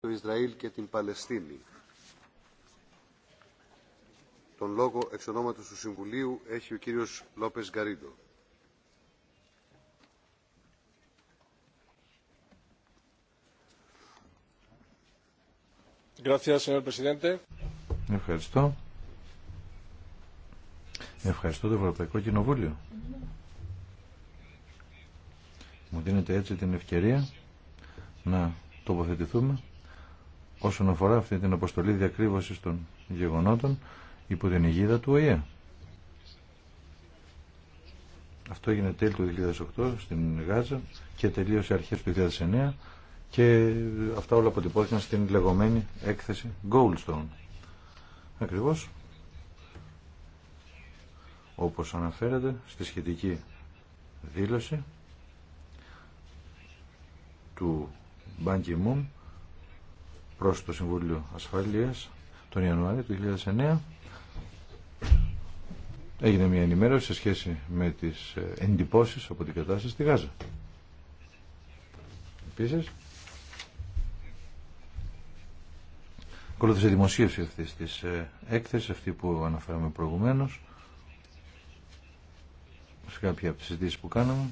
Το Ισραήλ και την Παλαιστίνη. Τον λόγο εξ ονόματος του Συμβουλίου έχει ο κύριος Λόπες Γκαρίντο. Ευχαριστώ. Ευχαριστώ το Ευρωπαϊκό Κοινοβούλιο. Μου δίνετε έτσι την ευκαιρία να τοποθετηθούμε όσον αφορά αυτή την αποστολή διακρύβωσης των γεγονότων υπό την αιγίδα του ΟΗΕ. Αυτό έγινε τέλη του 2008 στην Γάζα και τελείωσε αρχές του 2009 και αυτά όλα αποτυπώθηκαν στην λεγόμενη έκθεση Goldstone. Ακριβώς όπως αναφέρεται στη σχετική δήλωση του Μπάνκι ki προς το Συμβούλιο Ασφαλείας τον Ιανουάριο του 2009 έγινε μια ενημέρωση σε σχέση με τις ε, εντυπώσεις από την κατάσταση στη Γάζα. Επίσης, ακολούθησε δημοσίευση αυτής της ε, έκθεσης, αυτή που αναφέραμε προηγουμένως, σε κάποια από τις συζητήσεις που κάναμε.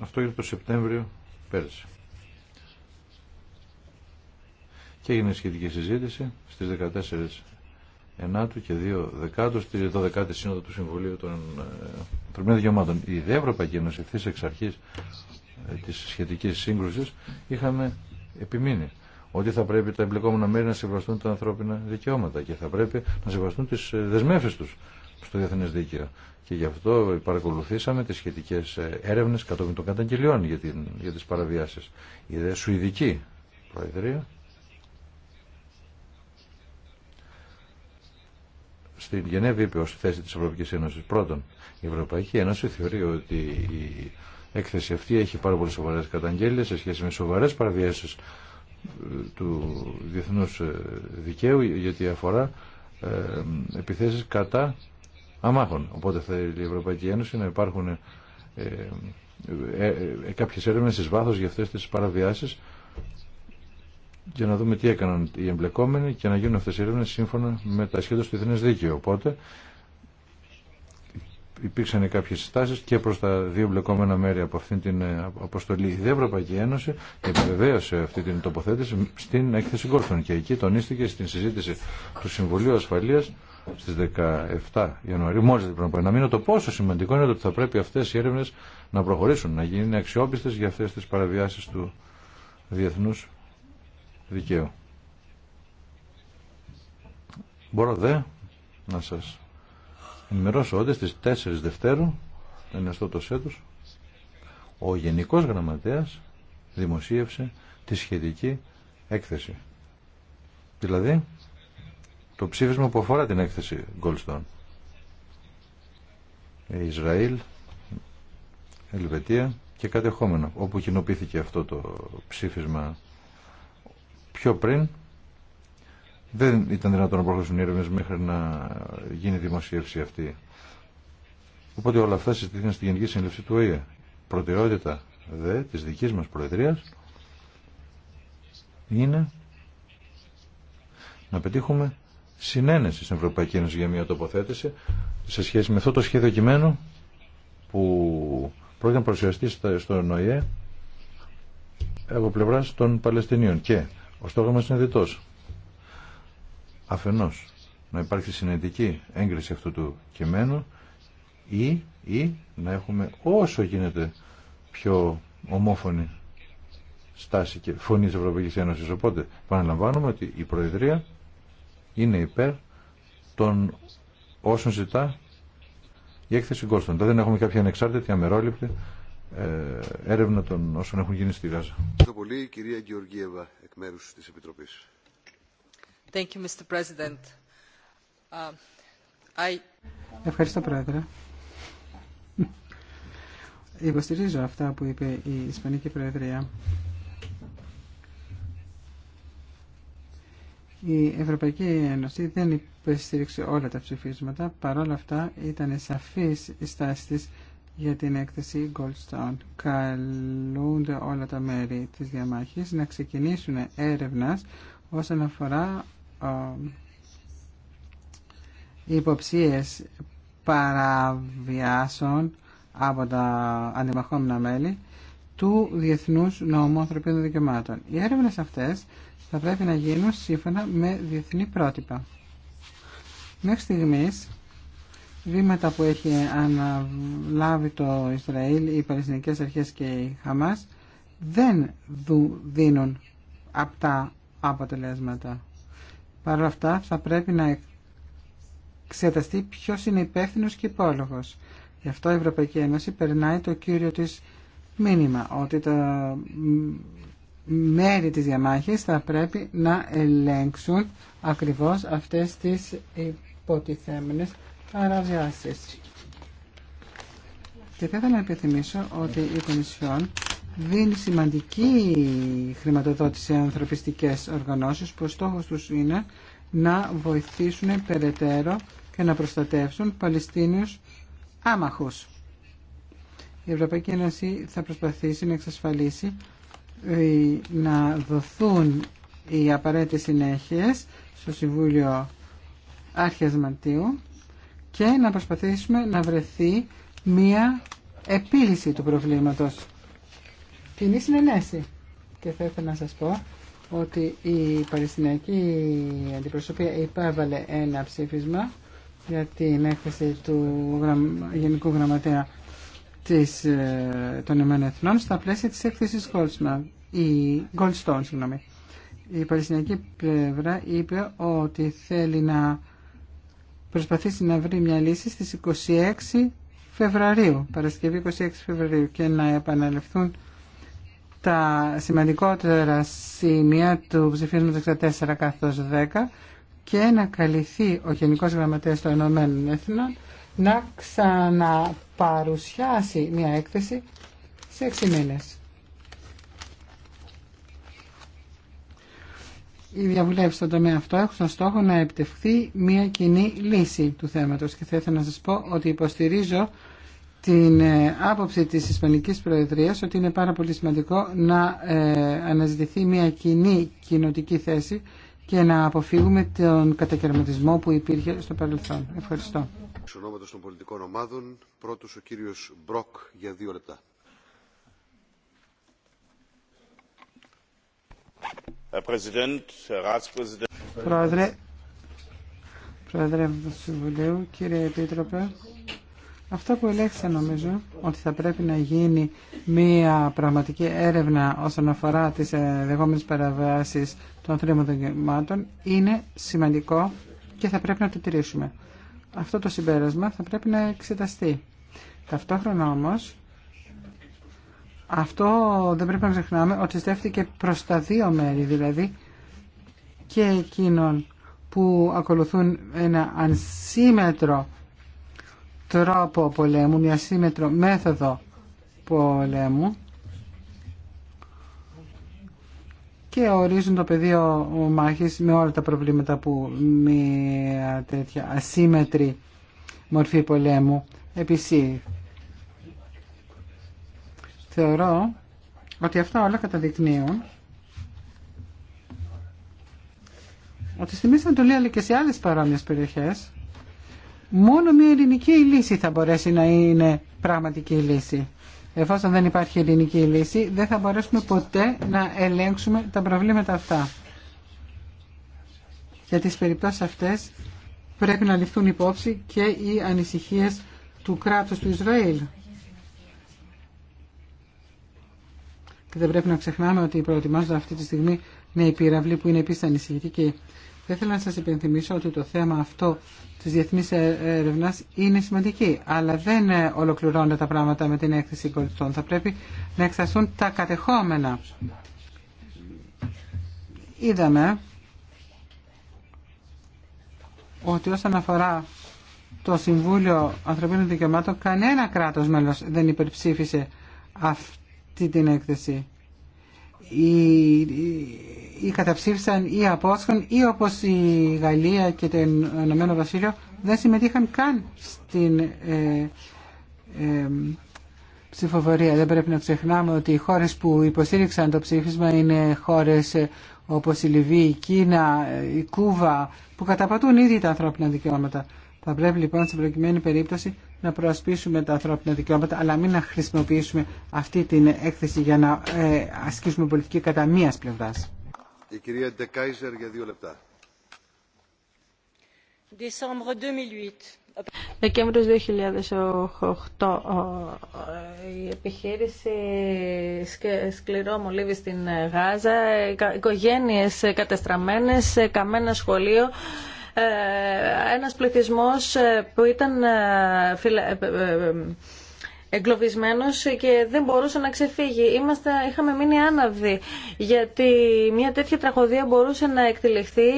Αυτό για το Σεπτέμβριο πέρσι. και έγινε σχετική συζήτηση στις 14 Ενάτου και 2 Δεκάτου στη 12η Σύνοδο του Συμβουλίου των ε, Ανθρωπίνων Δικαιωμάτων. Η ιδέα Ευρωπαϊκή η ευρωπαικη ενωση αυτη εξ αρχή ε, τη σχετική σύγκρουση είχαμε επιμείνει ότι θα πρέπει τα εμπλεκόμενα μέρη να σεβαστούν τα ανθρώπινα δικαιώματα και θα πρέπει να σεβαστούν τι ε, δεσμεύσει του στο διεθνέ δίκαιο. Και γι' αυτό παρακολουθήσαμε τι σχετικέ έρευνε κατόπιν των καταγγελιών για, για τι παραβιάσει. Η Σουηδική Προεδρία στην Γενέβη είπε ως θέση της Ευρωπαϊκής Ένωσης. Πρώτον, η Ευρωπαϊκή Ένωση θεωρεί ότι η έκθεση αυτή έχει πάρα πολύ σοβαρές καταγγέλειες σε σχέση με σοβαρές παραβιάσεις ε, του διεθνούς ε, δικαίου γιατί αφορά ε, επιθέσεις κατά αμάχων. Οπότε θέλει η Ευρωπαϊκή Ένωση να υπάρχουν ε, ε, ε, κάποιες έρευνες εις βάθος για αυτές τις παραβιάσεις για να δούμε τι έκαναν οι εμπλεκόμενοι και να γίνουν αυτές οι έρευνες σύμφωνα με τα σχέδια του διεθνές δίκαιο. Οπότε υπήρξαν κάποιες συστάσεις και προς τα δύο εμπλεκόμενα μέρη από αυτήν την ε, αποστολή. Η Ευρωπαϊκή Ένωση επιβεβαίωσε αυτή την τοποθέτηση στην έκθεση Γκόρθων και εκεί τονίστηκε στην συζήτηση του Συμβουλίου Ασφαλείας στις 17 Ιανουαρίου, μόλις πριν από ένα μήνα, το πόσο σημαντικό είναι ότι θα πρέπει αυτές οι έρευνες να προχωρήσουν, να γίνουν αξιόπιστες για αυτές τις παραβιάσεις του διεθνούς δικαίου. Μπορώ δε να σας ενημερώσω ότι στις 4 Δευτέρου, αυτό το έτους, ο Γενικός Γραμματέας δημοσίευσε τη σχετική έκθεση. Δηλαδή, το ψήφισμα που αφορά την έκθεση Goldstone. Ισραήλ, Ελβετία και κατεχόμενα, όπου κοινοποιήθηκε αυτό το ψήφισμα πιο πριν δεν ήταν δυνατόν να προχωρήσουν οι έρευνε μέχρι να γίνει δημοσίευση αυτή. Οπότε όλα αυτά συζητήθηκαν στη Γενική Συνέλευση του ΟΗΕ. Προτεραιότητα δε τη δική μα Προεδρία είναι να πετύχουμε συνένεση στην Ευρωπαϊκή Ένωση για μια τοποθέτηση σε σχέση με αυτό το σχέδιο κειμένου που πρόκειται να παρουσιαστεί στο ΟΗΕ από πλευρά των Παλαιστινίων. Και ο στόχος μας είναι διτός. Αφενός, να υπάρχει συνετική έγκριση αυτού του κειμένου ή, ή να έχουμε όσο γίνεται πιο ομόφωνη στάση και φωνή της Ευρωπαϊκής Ένωσης. Οπότε, επαναλαμβάνουμε ότι η Προεδρία είναι υπέρ των όσων ζητά η έκθεση της ευρωπαικης ενωσης οποτε παραλαμβανουμε οτι η προεδρια ειναι υπερ των οσων ζητα η εκθεση κοστων δεν έχουμε κάποια ανεξάρτητη, αμερόληπτη ε, έρευνα των όσων έχουν γίνει στη Γάζα. Ευχαριστώ πολύ, κυρία Γεωργίευα, εκ μέρους της Επιτροπής. Uh, Ευχαριστώ, Πρόεδρε. Υποστηρίζω αυτά που είπε η Ισπανική Προεδρία. Η Ευρωπαϊκή Ένωση δεν υποστήριξε όλα τα ψηφίσματα, παρόλα αυτά ήταν σαφής η στάση της για την έκθεση Goldstone. Καλούνται όλα τα μέρη της διαμάχης να ξεκινήσουν έρευνας όσον αφορά υποψίες παραβιάσεων από τα αντιμαχόμενα μέλη του Διεθνούς Νόμου Ανθρωπίνων Δικαιωμάτων. Οι έρευνες αυτές θα πρέπει να γίνουν σύμφωνα με διεθνή πρότυπα. Μέχρι στιγμής βήματα που έχει αναλάβει το Ισραήλ, οι Παλαιστινικές Αρχές και η Χαμάς δεν δίνουν απτά αποτελέσματα. Παρ' όλα αυτά θα πρέπει να εξεταστεί ποιος είναι υπεύθυνο και υπόλογο. Γι' αυτό η Ευρωπαϊκή Ένωση περνάει το κύριο της μήνυμα ότι τα μέρη της διαμάχης θα πρέπει να ελέγξουν ακριβώς αυτές τις υποτιθέμενες παραβιάσεις. Και θα ήθελα να επιθυμίσω ότι η Κομισιόν δίνει σημαντική χρηματοδότηση σε ανθρωπιστικές οργανώσεις που ο στόχος τους είναι να βοηθήσουν περαιτέρω και να προστατεύσουν Παλαιστίνιους άμαχους. Η Ευρωπαϊκή Ένωση θα προσπαθήσει να εξασφαλίσει ε, να δοθούν οι απαραίτητες συνέχειες στο Συμβούλιο Άρχιας και να προσπαθήσουμε να βρεθεί μία επίλυση του προβλήματος. Κοινή συνενέση. Και θα ήθελα να σας πω ότι η Παλαιστινιακή Αντιπροσωπεία υπέβαλε ένα ψήφισμα για την έκθεση του Γενικού Γραμματέα της, ε, των Ηνωμένων Εθνών στα πλαίσια της έκθεσης Goldstone. Η, Goldstone, η Παλαιστινιακή πλευρά είπε ότι θέλει να προσπαθήσει να βρει μια λύση στις 26 Φεβρουαρίου, Παρασκευή 26 Φεβρουαρίου και να επαναληφθούν τα σημαντικότερα σημεία του ψηφίσματος 64 καθώς 10 και να καλυφθεί ο Γενικός Γραμματέας των Ηνωμένων Εθνών να ξαναπαρουσιάσει μια έκθεση σε 6 μήνες. οι διαβουλεύσει στον τομέα αυτό έχουν στο στόχο να επιτευχθεί μια κοινή λύση του θέματος και θα ήθελα να σας πω ότι υποστηρίζω την ε, άποψη της Ισπανικής Προεδρίας ότι είναι πάρα πολύ σημαντικό να ε, αναζητηθεί μια κοινή κοινοτική θέση και να αποφύγουμε τον κατακαιρματισμό που υπήρχε στο παρελθόν. Ευχαριστώ. Εξ των πολιτικών ομάδων, πρώτος ο κύριος Μπροκ για δύο λεπτά. Πρόεδρε, Πρόεδρε του Συμβουλίου, κύριε Επίτροπε, αυτό που ελέγξα νομίζω ότι θα πρέπει να γίνει μία πραγματική έρευνα όσον αφορά τις ε, δεγόμενες παραβάσεις των θρημοδογημάτων είναι σημαντικό και θα πρέπει να το τηρήσουμε. Αυτό το συμπέρασμα θα πρέπει να εξεταστεί. Ταυτόχρονα όμως αυτό δεν πρέπει να ξεχνάμε ότι στέφτηκε προς τα δύο μέρη, δηλαδή και εκείνων που ακολουθούν ένα ανσύμετρο τρόπο πολέμου, μια σύμμετρο μέθοδο πολέμου και ορίζουν το πεδίο μάχης με όλα τα προβλήματα που μια τέτοια ασύμετρη μορφή πολέμου επισύρει. Θεωρώ ότι αυτά όλα καταδεικνύουν ότι στη Μέση Ανατολή αλλά και σε άλλες παρόμοιες περιοχές μόνο μια ελληνική λύση θα μπορέσει να είναι πραγματική λύση. Εφόσον δεν υπάρχει ελληνική λύση δεν θα μπορέσουμε ποτέ να ελέγξουμε τα προβλήματα αυτά. Για τις περιπτώσεις αυτές πρέπει να ληφθούν υπόψη και οι ανησυχίες του κράτους του Ισραήλ. και δεν πρέπει να ξεχνάμε ότι προετοιμάζονται αυτή τη στιγμή νέοι πύραυλοι που είναι επίση ανησυχητικοί. Θα ήθελα να σα υπενθυμίσω ότι το θέμα αυτό τη διεθνή ε, έρευνα είναι σημαντική, αλλά δεν ε, ολοκληρώνεται τα πράγματα με την έκθεση κορυφών. Θα πρέπει να εξασθούν τα κατεχόμενα. Είδαμε ότι όσον αφορά το Συμβούλιο Ανθρωπίνων Δικαιωμάτων, κανένα κράτος μέλος δεν υπερψήφισε αυτό αυτή την έκθεση. η καταψήφισαν ή απόσχον ή όπως η Γαλλία και το Ηνωμένο Βασίλειο δεν συμμετείχαν καν στην ε, ε, ψηφοφορία. Δεν πρέπει να ξεχνάμε ότι οι χώρες που υποστήριξαν το ψήφισμα είναι χώρες ε, όπως η Λιβύη, η Κίνα, ε, η Κούβα που καταπατούν ήδη τα ανθρώπινα δικαιώματα. Θα πρέπει λοιπόν στην προκειμένη περίπτωση να προασπίσουμε τα ανθρώπινα δικαιώματα, αλλά μην να χρησιμοποιήσουμε αυτή την έκθεση για να ε, ασκήσουμε πολιτική κατά μία πλευρά. Η κυρία Ντεκάιζερ για δύο λεπτά. Δεκέμβριος 2008 η επιχείρηση σκληρό μολύβι στην Γάζα, οικογένειες κατεστραμμένες, καμένα σχολείο ε, ένας πληθυσμός ε, που ήταν ε, εγκλωβισμένο και δεν μπορούσε να ξεφύγει. Είμαστε, είχαμε μείνει άναυδοι γιατί μια τέτοια τραγωδία μπορούσε να εκτελεχθεί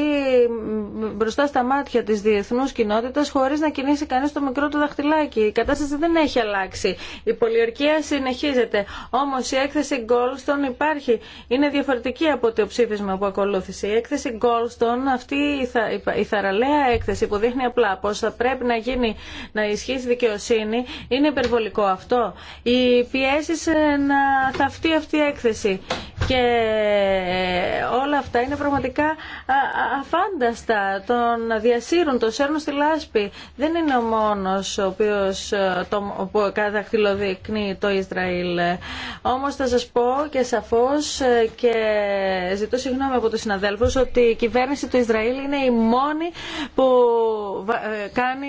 μπροστά στα μάτια τη διεθνού κοινότητα χωρί να κινήσει κανεί το μικρό του δαχτυλάκι. Η κατάσταση δεν έχει αλλάξει. Η πολιορκία συνεχίζεται. Όμω η έκθεση Goldstone υπάρχει. Είναι διαφορετική από το ψήφισμα που ακολούθησε. Η έκθεση Goldstone, αυτή η, θα, η θαραλέα έκθεση που δείχνει απλά πώ θα πρέπει να γίνει να ισχύσει δικαιοσύνη, είναι υπερβολικό αυτό αυτό. Οι πιέσει ε, να θαυτεί αυτή η έκθεση. Και ε, όλα αυτά είναι πραγματικά αφάνταστα. Τον διασύρουν, τον σέρνουν στη λάσπη. Δεν είναι ο μόνος ο οποίο ε, το, το Ισραήλ. Όμω θα σα πω και σαφώς και ζητώ συγγνώμη από του συναδέλφου ότι η κυβέρνηση του Ισραήλ είναι η μόνη που κάνει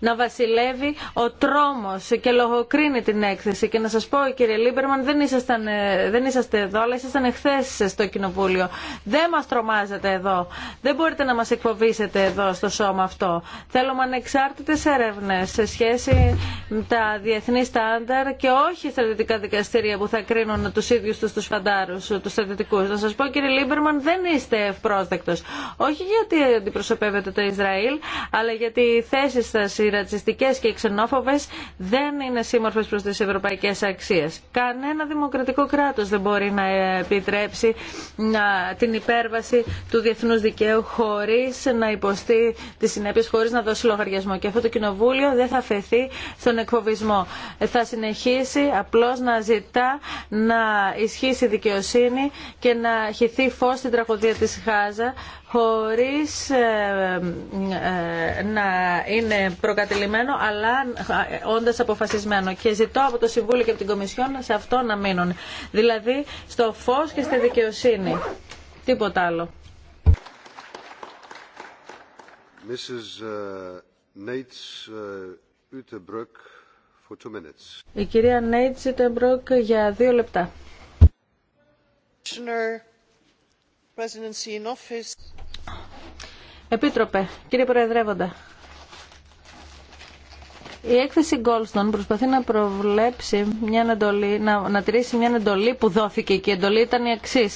να βασιλεύει ο τρόμο και λογοκρίνει την έκθεση. Και να σα πω κύριε Λίμπερμαν, δεν, ήσασταν, ε, δεν είσαστε εδώ, αλλά ήσασταν εχθέ στο Κοινοβούλιο. Δεν μα τρομάζετε εδώ. Δεν μπορείτε να μα εκφοβήσετε εδώ στο σώμα αυτό. Θέλουμε ανεξάρτητε έρευνε σε σχέση με τα διεθνή στάνταρ και όχι στρατιωτικά δικαστήρια που θα κρίνουν του ίδιου του φαντάρου, φαντάρους, τους στρατιωτικού. Να σα πω κύριε Λίμπερμαν, δεν είστε ευπρόσδεκτο. Όχι γιατί αντιπροσωπεύετε το Ισραήλ, αλλά γιατί θέσεις σας ρατσιστικέ και ξενόφοβε δεν είναι σύμμορφε προς τις ευρωπαϊκές αξίες. Κανένα δημοκρατικό κράτος δεν μπορεί να επιτρέψει την υπέρβαση του διεθνούς δικαίου χωρίς να υποστεί τις συνέπειε, χωρίς να δώσει λογαριασμό. Και αυτό το κοινοβούλιο δεν θα φεθεί στον εκφοβισμό. Θα συνεχίσει απλώς να ζητά να ισχύσει δικαιοσύνη και να χυθεί φω στην τραγωδία τη Χάζα χωρίς ε, ε, να είναι προκατελημένο, αλλά ε, όντας αποφασισμένο και ζητώ από το Συμβούλιο και από την Κομισιόν σε αυτό να μείνουν. Δηλαδή στο φως και στη δικαιοσύνη. Τίποτα άλλο. Η κυρία Νέιτς Ιτεμπρόκ για δύο λεπτά. Επίτροπε, κύριε Προεδρεύοντα, η έκθεση Goldstone προσπαθεί να προβλέψει μια να, τηρήσει μια εντολή που δόθηκε και η εντολή ήταν η εξή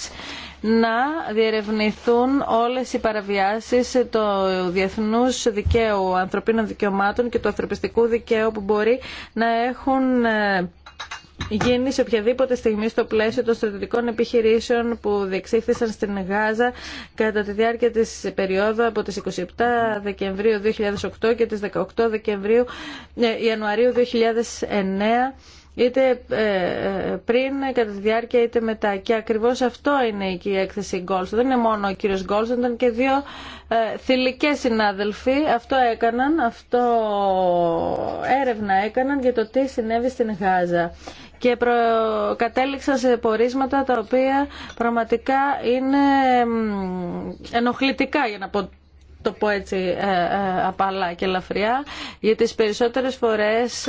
να διερευνηθούν όλες οι παραβιάσεις του διεθνούς δικαίου ανθρωπίνων δικαιωμάτων και του ανθρωπιστικού δικαίου που μπορεί να έχουν ε, γίνει σε οποιαδήποτε στιγμή στο πλαίσιο των στρατιωτικών επιχειρήσεων που διεξήχθησαν στην Γάζα κατά τη διάρκεια της περίοδου από τις 27 Δεκεμβρίου 2008 και τις 18 Δεκεμβρίου, ε, Ιανουαρίου 2009 είτε ε, ε, πριν, κατά τη διάρκεια, είτε μετά. Και ακριβώς αυτό είναι η έκθεση Γκόλστον. Δεν είναι μόνο ο κύριος Γκόλστον, ήταν και δύο ε, θηλυκές συνάδελφοι. Αυτό έκαναν, αυτό έρευνα έκαναν για το τι συνέβη στην Γάζα. Και προ... κατέληξαν σε πορίσματα τα οποία πραγματικά είναι ενοχλητικά, για να πω το πω έτσι ε, ε, απαλά και ελαφριά, γιατί τις περισσότερες φορές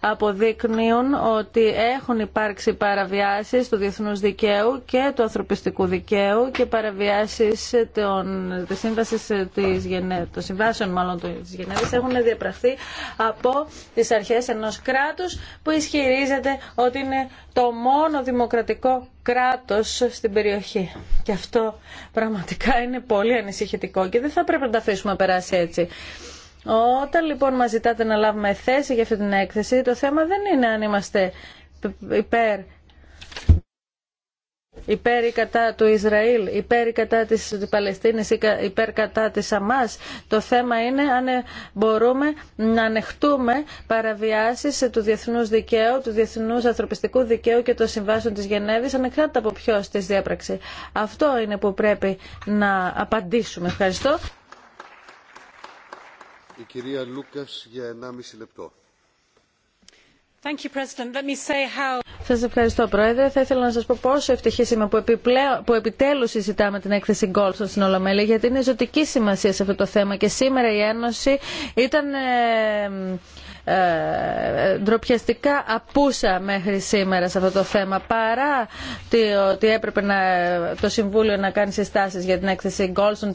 αποδείκνυουν ότι έχουν υπάρξει παραβιάσεις του διεθνούς δικαίου και του ανθρωπιστικού δικαίου και παραβιάσεις των, της σύμβασης της Γενέ, των συμβάσεων μάλλον της Γενέβης έχουν διαπραχθεί από τις αρχές ενός κράτους που ισχυρίζεται ότι είναι το μόνο δημοκρατικό κράτος στην περιοχή. Και αυτό πραγματικά είναι πολύ ανησυχητικό και δεν θα πρέπει να τα αφήσουμε να περάσει έτσι. Όταν λοιπόν μας ζητάτε να λάβουμε θέση για αυτή την έκθεση, το θέμα δεν είναι αν είμαστε υπέρ υπέρ ή κατά του Ισραήλ, υπέρ ή κατά της Παλαιστίνης, υπέρ κατά της Αμάς. Το θέμα είναι αν ε, μπορούμε να ανεχτούμε παραβιάσεις του διεθνούς δικαίου, του διεθνούς ανθρωπιστικού δικαίου και των συμβάσεων της Γενέβης, ανεξάρτητα από ποιο τις διέπραξε. Αυτό είναι που πρέπει να απαντήσουμε. Ευχαριστώ. κυρία Λούκας για σας ευχαριστώ Πρόεδρε. Θα ήθελα να σας πω πόσο ευτυχής είμαι που, επιπλέον, επιτέλους συζητάμε την έκθεση Γκόλσον στην Ολομέλη γιατί είναι ζωτική σημασία σε αυτό το θέμα και σήμερα η Ένωση ήταν ε, ε, ντροπιαστικά απούσα μέχρι σήμερα σε αυτό το θέμα παρά ότι έπρεπε να, το Συμβούλιο να κάνει συστάσεις για την έκθεση Γκόλσον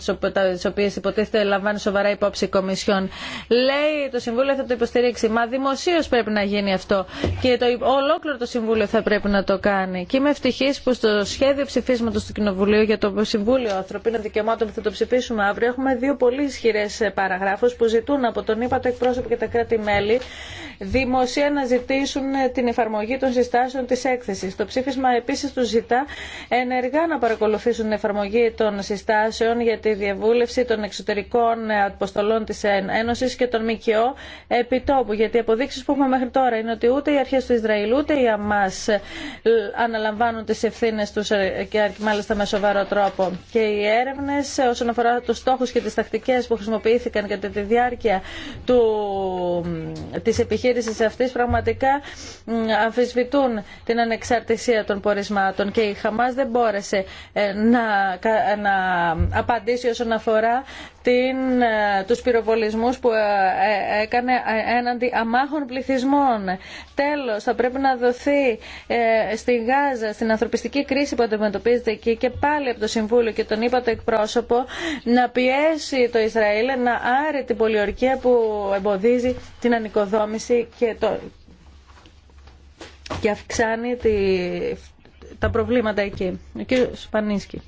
τις οποίες υποτίθεται λαμβάνει σοβαρά υπόψη η Κομισιόν λέει το Συμβούλιο θα το υποστηρίξει μα δημοσίως πρέπει να γίνει αυτό και το ολόκληρο το Συμβούλιο θα πρέπει να το κάνει. Και είμαι ευτυχή που στο σχέδιο ψηφίσματο του Κοινοβουλίου για το Συμβούλιο Ανθρωπίνων Δικαιωμάτων που θα το ψηφίσουμε αύριο έχουμε δύο πολύ ισχυρέ ε, παραγράφου που ζητούν από τον ΥΠΑ το εκπρόσωπο και τα κράτη-μέλη δημοσία να ζητήσουν ε, την εφαρμογή των συστάσεων τη έκθεση. Το ψήφισμα επίση του ζητά ενεργά να παρακολουθήσουν την εφαρμογή των συστάσεων για τη διαβούλευση των εξωτερικών ε, αποστολών τη Ένωση και των ΜΚΟ επιτόπου. Γιατί οι αποδείξει που έχουμε μέχρι τώρα είναι ότι ούτε οι αρχές του Ισραήλ ούτε οι ΑΜΑΣ ε, αναλαμβάνουν τις ευθύνες τους ε, και μάλιστα με σοβαρό τρόπο. Και οι έρευνες ε, όσον αφορά τους στόχους και τις τακτικές που χρησιμοποιήθηκαν κατά τη διάρκεια του, της επιχείρησης αυτής πραγματικά αμφισβητούν την ανεξαρτησία των πορισμάτων και η Χαμάς δεν μπόρεσε να απαντήσει όσον αφορά την, ε, τους πυροβολισμούς που ε, ε, έκανε έναντι αμάχων πληθυσμών. Τέλος, θα πρέπει να δοθεί στη Γάζα, στην ανθρωπιστική κρίση που αντιμετωπίζεται εκεί και πάλι από το Συμβούλιο και τον είπα το εκπρόσωπο να πιέσει το Ισραήλ να άρει την πολιορκία που εμποδίζει την ανοικοδόμηση και, το... και αυξάνει τη... τα προβλήματα εκεί. Ο κύριος Πανίσκη.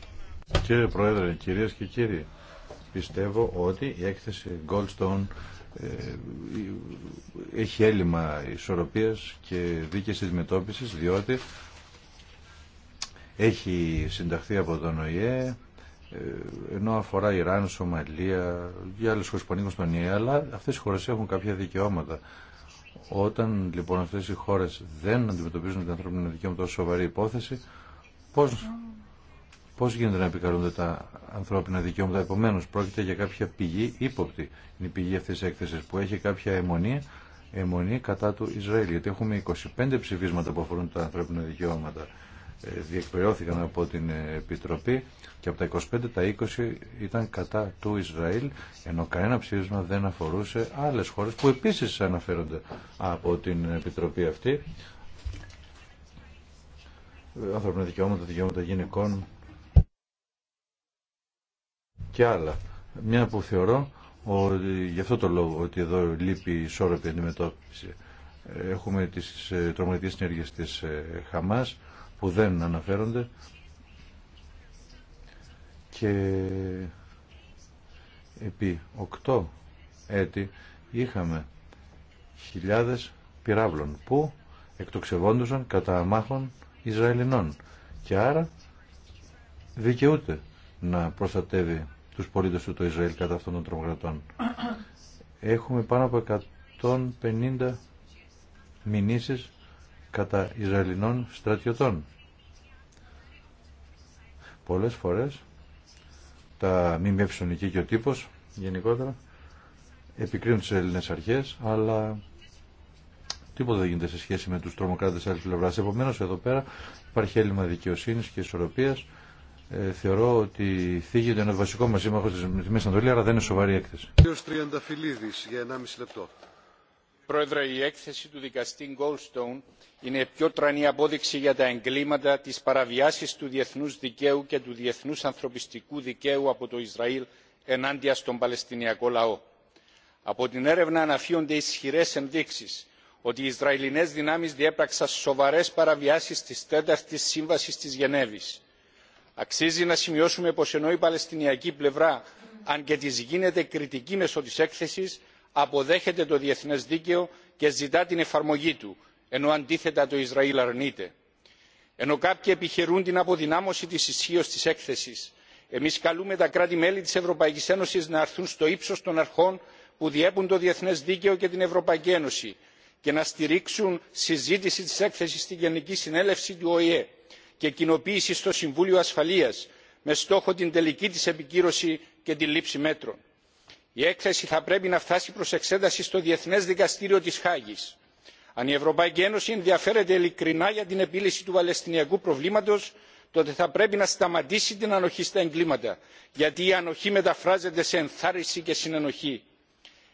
Κύριε Πρόεδρε, κυρίες και κύριοι, πιστεύω ότι η έκθεση Goldstone ε, έχει έλλειμμα ισορροπίας και δίκαιης αντιμετώπισης διότι έχει συνταχθεί από τον ΟΗΕ ε, ενώ αφορά Ιράν, Σομαλία και άλλες χώρες που ανήκουν στον ΟΗΕ αλλά αυτές οι χώρες έχουν κάποια δικαιώματα όταν λοιπόν αυτές οι χώρες δεν αντιμετωπίζουν την ανθρώπινη δικαιώματα ως σοβαρή υπόθεση πώς Πώ γίνεται να επικαλούνται τα ανθρώπινα δικαιώματα. επομένω πρόκειται για κάποια πηγή ύποπτη. Είναι η πηγή αυτή τη έκθεση, που έχει κάποια αιμονία, αιμονία κατά του Ισραήλ. Γιατί έχουμε 25 ψηφίσματα που αφορούν τα ανθρώπινα δικαιώματα. Ε, διεκπαιρεώθηκαν από την ε, Επιτροπή και από τα 25 τα 20 ήταν κατά του Ισραήλ, ενώ κανένα ψήφισμα δεν αφορούσε άλλε χώρε που επίση αναφέρονται από την Επιτροπή αυτή. Ε, ανθρώπινα δικαιώματα, δικαιώματα γυναικών, και άλλα. Μια που θεωρώ ότι, γι' αυτό το λόγο ότι εδώ λείπει η ισόρροπη αντιμετώπιση. Έχουμε τις ε, τρομακτικές συνέργειες της ε, Χαμάς που δεν αναφέρονται και επί 8 έτη είχαμε χιλιάδες πυράβλων που εκτοξευόντουσαν κατά αμάχων Ισραηλινών και άρα δικαιούται να προστατεύει τους πολίτες του το Ισραήλ κατά αυτών των τρομοκρατών. Έχουμε πάνω από 150 μηνύσεις κατά Ισραηλινών στρατιωτών. Πολλές φορές τα μη μεύσονικοί και ο τύπος γενικότερα επικρίνουν τις ελληνές αρχές, αλλά τίποτα δεν γίνεται σε σχέση με τους τρομοκράτες άλλης πλευράς. Επομένως εδώ πέρα υπάρχει έλλειμμα δικαιοσύνης και ισορροπίας ε, θεωρώ ότι θίγεται ένα βασικό μα σύμμαχο τη Μέση Ανατολή, αλλά δεν είναι σοβαρή έκθεση. για 1,5 λεπτό. Πρόεδρε, η έκθεση του δικαστή Goldstone είναι πιο τρανή απόδειξη για τα εγκλήματα, τη παραβιάση του διεθνού δικαίου και του διεθνού ανθρωπιστικού δικαίου από το Ισραήλ ενάντια στον Παλαιστινιακό λαό. Από την έρευνα αναφύονται ισχυρέ ενδείξει, ότι οι Ισραηλινές δυνάμεις διέπραξαν σοβαρέ παραβιάσει τη τέταρτη σύμβασης τη Γενέβης αξίζει να σημειώσουμε πω ενώ η παλαιστινιακή πλευρά αν και τη γίνεται κριτική μέσω τη Έκθεση, αποδέχεται το διεθνέ δίκαιο και ζητά την εφαρμογή του ενώ αντίθετα το ισραήλ αρνείται. ενώ κάποιοι επιχειρούν την αποδυνάμωση τη ισχύω τη έκθεση, εμεί καλούμε τα κράτη μέλη τη Ευρωπαϊκή Ένωση να αρθούν στο ύψο των αρχών που διέπουν το διεθνέ δίκαιο και την ευρωπαϊκή ένωση και να στηρίξουν συζήτηση τη έκθεση στη γενική συνέλευση του οηε και κοινοποίηση στο συμβούλιο ασφαλείας με στόχο την τελική της επικύρωση και τη λήψη μέτρων. η έκθεση θα πρέπει να φτάσει προ εξέταση στο διεθνές δικαστήριο της χάγης. αν η ευρωπαϊκή ένωση ενδιαφέρεται ειλικρινά για την επίλυση του παλαιστινιακού προβλήματος τότε θα πρέπει να σταματήσει την ανοχή στα εγκλήματα γιατί η ανοχή μεταφράζεται σε ενθάρρυνση και συνενοχή.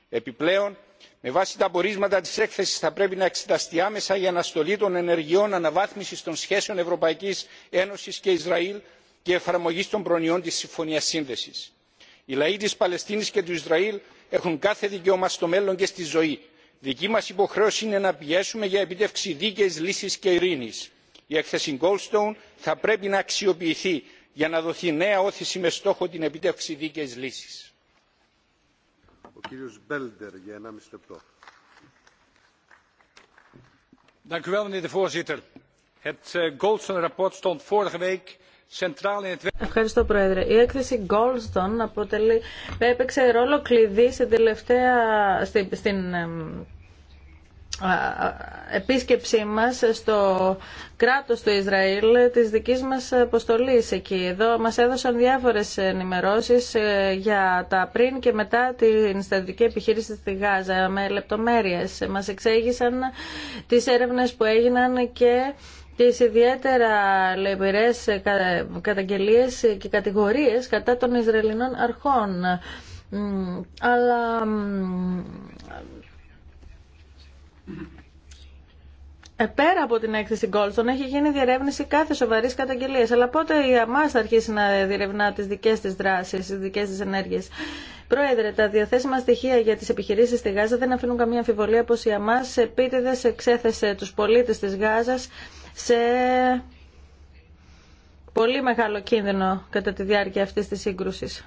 επιπλέον με βάση τα πορίσματα της έκθεσης θα πρέπει να εξεταστεί άμεσα η αναστολή των ενεργειών αναβάθμισης των σχέσεων ευρωπαϊκής ένωσης και ισραήλ και εφαρμογή των προνοιών της συμφωνίας σύνδεσης. οι λαοί της παλαιστίνης και του ισραήλ έχουν κάθε δικαίωμα στο μέλλον και στη ζωή. δική μας υποχρέωση είναι να πιέσουμε για επιτεύξη δίκαιης λύσης και ειρήνης. η έκθεση goldstone θα πρέπει να αξιοποιηθεί για να δοθεί νέα όθηση με στόχο την επιτεύξη δίκαιης λύσης. Ο κύριος Μπέλντερ για Ευχαριστώ Πρόεδρε. Η έκθεση Goldstone αποτελεί, έπαιξε ρόλο κλειδί στην τελευταία, επίσκεψή μας στο κράτος του Ισραήλ της δικής μας αποστολής εκεί. Εδώ μας έδωσαν διάφορες ενημερώσεις ε, για τα πριν και μετά την στρατιωτική επιχείρηση στη Γάζα με λεπτομέρειες. Μας εξέγησαν τις έρευνες που έγιναν και τις ιδιαίτερα λεπηρές καταγγελίες και κατηγορίες κατά των Ισραηλινών αρχών. Αλλά ε, πέρα από την έκθεση Γκόλστον έχει γίνει διερεύνηση κάθε σοβαρή καταγγελία. Αλλά πότε η ΑΜΑΣ θα αρχίσει να διερευνά τι δικέ τη δράσει, τι δικέ τη ενέργειε. Πρόεδρε, τα διαθέσιμα στοιχεία για τι επιχειρήσει στη Γάζα δεν αφήνουν καμία αμφιβολία πω η ΑΜΑΣ επίτηδε εξέθεσε του πολίτε τη Γάζα σε πολύ μεγάλο κίνδυνο κατά τη διάρκεια αυτής της σύγκρουσης.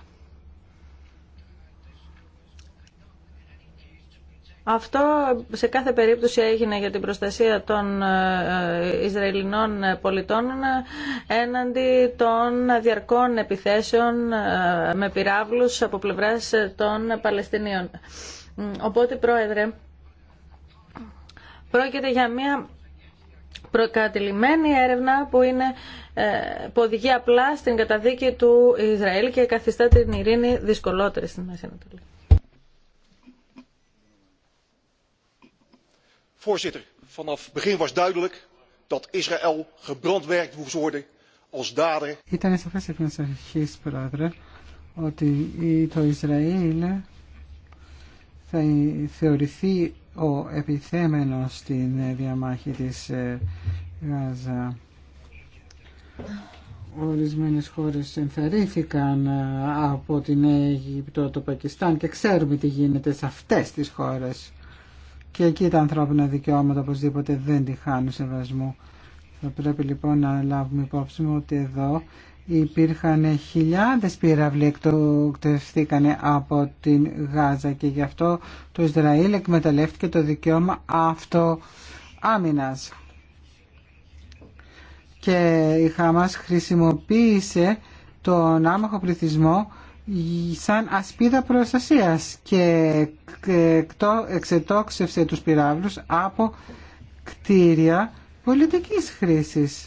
Αυτό σε κάθε περίπτωση έγινε για την προστασία των ε, ε, Ισραηλινών πολιτών ε, έναντι των διαρκών επιθέσεων με πυράβλους από πλευράς των Παλαιστινίων. Οπότε, Πρόεδρε, πρόκειται για μια προκατηλημένη έρευνα που, είναι, που οδηγεί απλά στην καταδίκη του Ισραήλ και καθιστά την ειρήνη δυσκολότερη στην Μέση Ανατολή. voorzitter vanaf het begin was duidelijk dat israël gebrandmerkt moest worden als dader. Ήταν σαφές από τις αρχές, πρόεδρε, ότι το Ισραήλ θα θεωρηθεί ο επιθέμενος στην ε, διαμάχη της ε, Γάζα. Ορισμένες χώρες ενθαρρύθηκαν ε, από την Αίγυπτο, το Πακιστάν και ξέρουμε τι γίνεται σε αυτές τις χώρες και εκεί τα ανθρώπινα δικαιώματα οπωσδήποτε δεν τη χάνουν σεβασμού. Θα πρέπει λοιπόν να λάβουμε υπόψη μου ότι εδώ υπήρχαν χιλιάδες πύραυλοι εκτοκτευθήκανε από την Γάζα και γι' αυτό το Ισραήλ εκμεταλλεύτηκε το δικαίωμα αυτοάμυνας. Και η Χαμάς χρησιμοποίησε τον άμαχο πληθυσμό σαν ασπίδα προστασίας και εξετόξευσε τους πυράβλους από κτίρια πολιτικής χρήσης.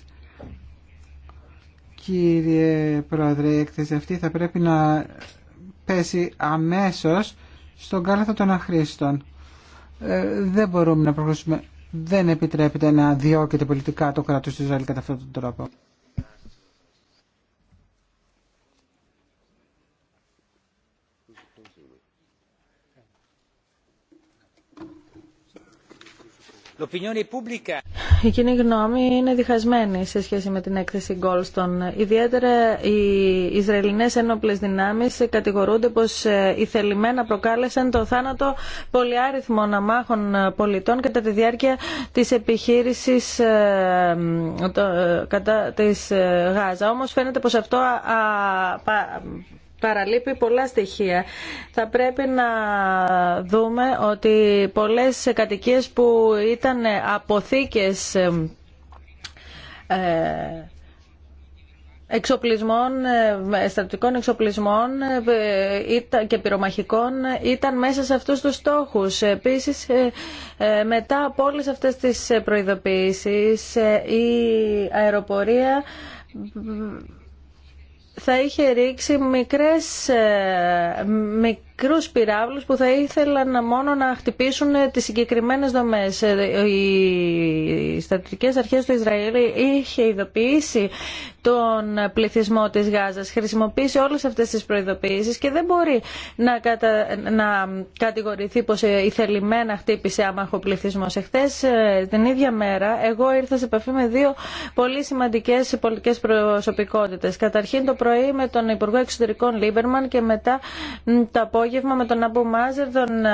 Κύριε Πρόεδρε, η έκθεση αυτή θα πρέπει να πέσει αμέσως στον κάλαθο των αχρήστων. Ε, δεν μπορούμε να προχωρήσουμε. Δεν επιτρέπεται να διώκεται πολιτικά το κράτος της Ισραήλ κατά αυτόν τον τρόπο. Η κοινή γνώμη είναι διχασμένη σε σχέση με την έκθεση Γκόλστον. Ιδιαίτερα οι Ισραηλινές ένοπλες δυνάμεις κατηγορούνται πως ε, θελημένα προκάλεσαν το θάνατο πολυάριθμων αμάχων πολιτών κατά τη διάρκεια της επιχείρησης ε, ε, κατά της Γάζα. Όμως φαίνεται πως αυτό παραλείπει πολλά στοιχεία. Θα πρέπει να δούμε ότι πολλές κατοικίες που ήταν αποθήκες ε, εξοπλισμών, ε, στρατικών εξοπλισμών ε, και πυρομαχικών ήταν μέσα σε αυτούς τους στόχους. Επίσης, μετά από όλες αυτές τις προειδοποιήσεις, η αεροπορία θα είχε ρίξει μικρές, ε, μικρές μικρούς πυράβλους που θα ήθελαν μόνο να χτυπήσουν ε, τις συγκεκριμένες δομές. Ε, οι στρατιωτικές αρχές του Ισραήλ είχε ειδοποιήσει τον πληθυσμό της Γάζας, χρησιμοποίησε όλες αυτές τις προειδοποιήσεις και δεν μπορεί να, κατα... να κατηγορηθεί πως ε, θελημένα χτύπησε άμαχο πληθυσμό. Εχθές την ίδια μέρα εγώ ήρθα σε επαφή με δύο πολύ σημαντικές πολιτικές προσωπικότητες. Καταρχήν το πρωί με τον Υπουργό Εξωτερικών Λίμπερμαν και μετά τα απόγευμα με τον Αμπού Μάζερ, τον ε,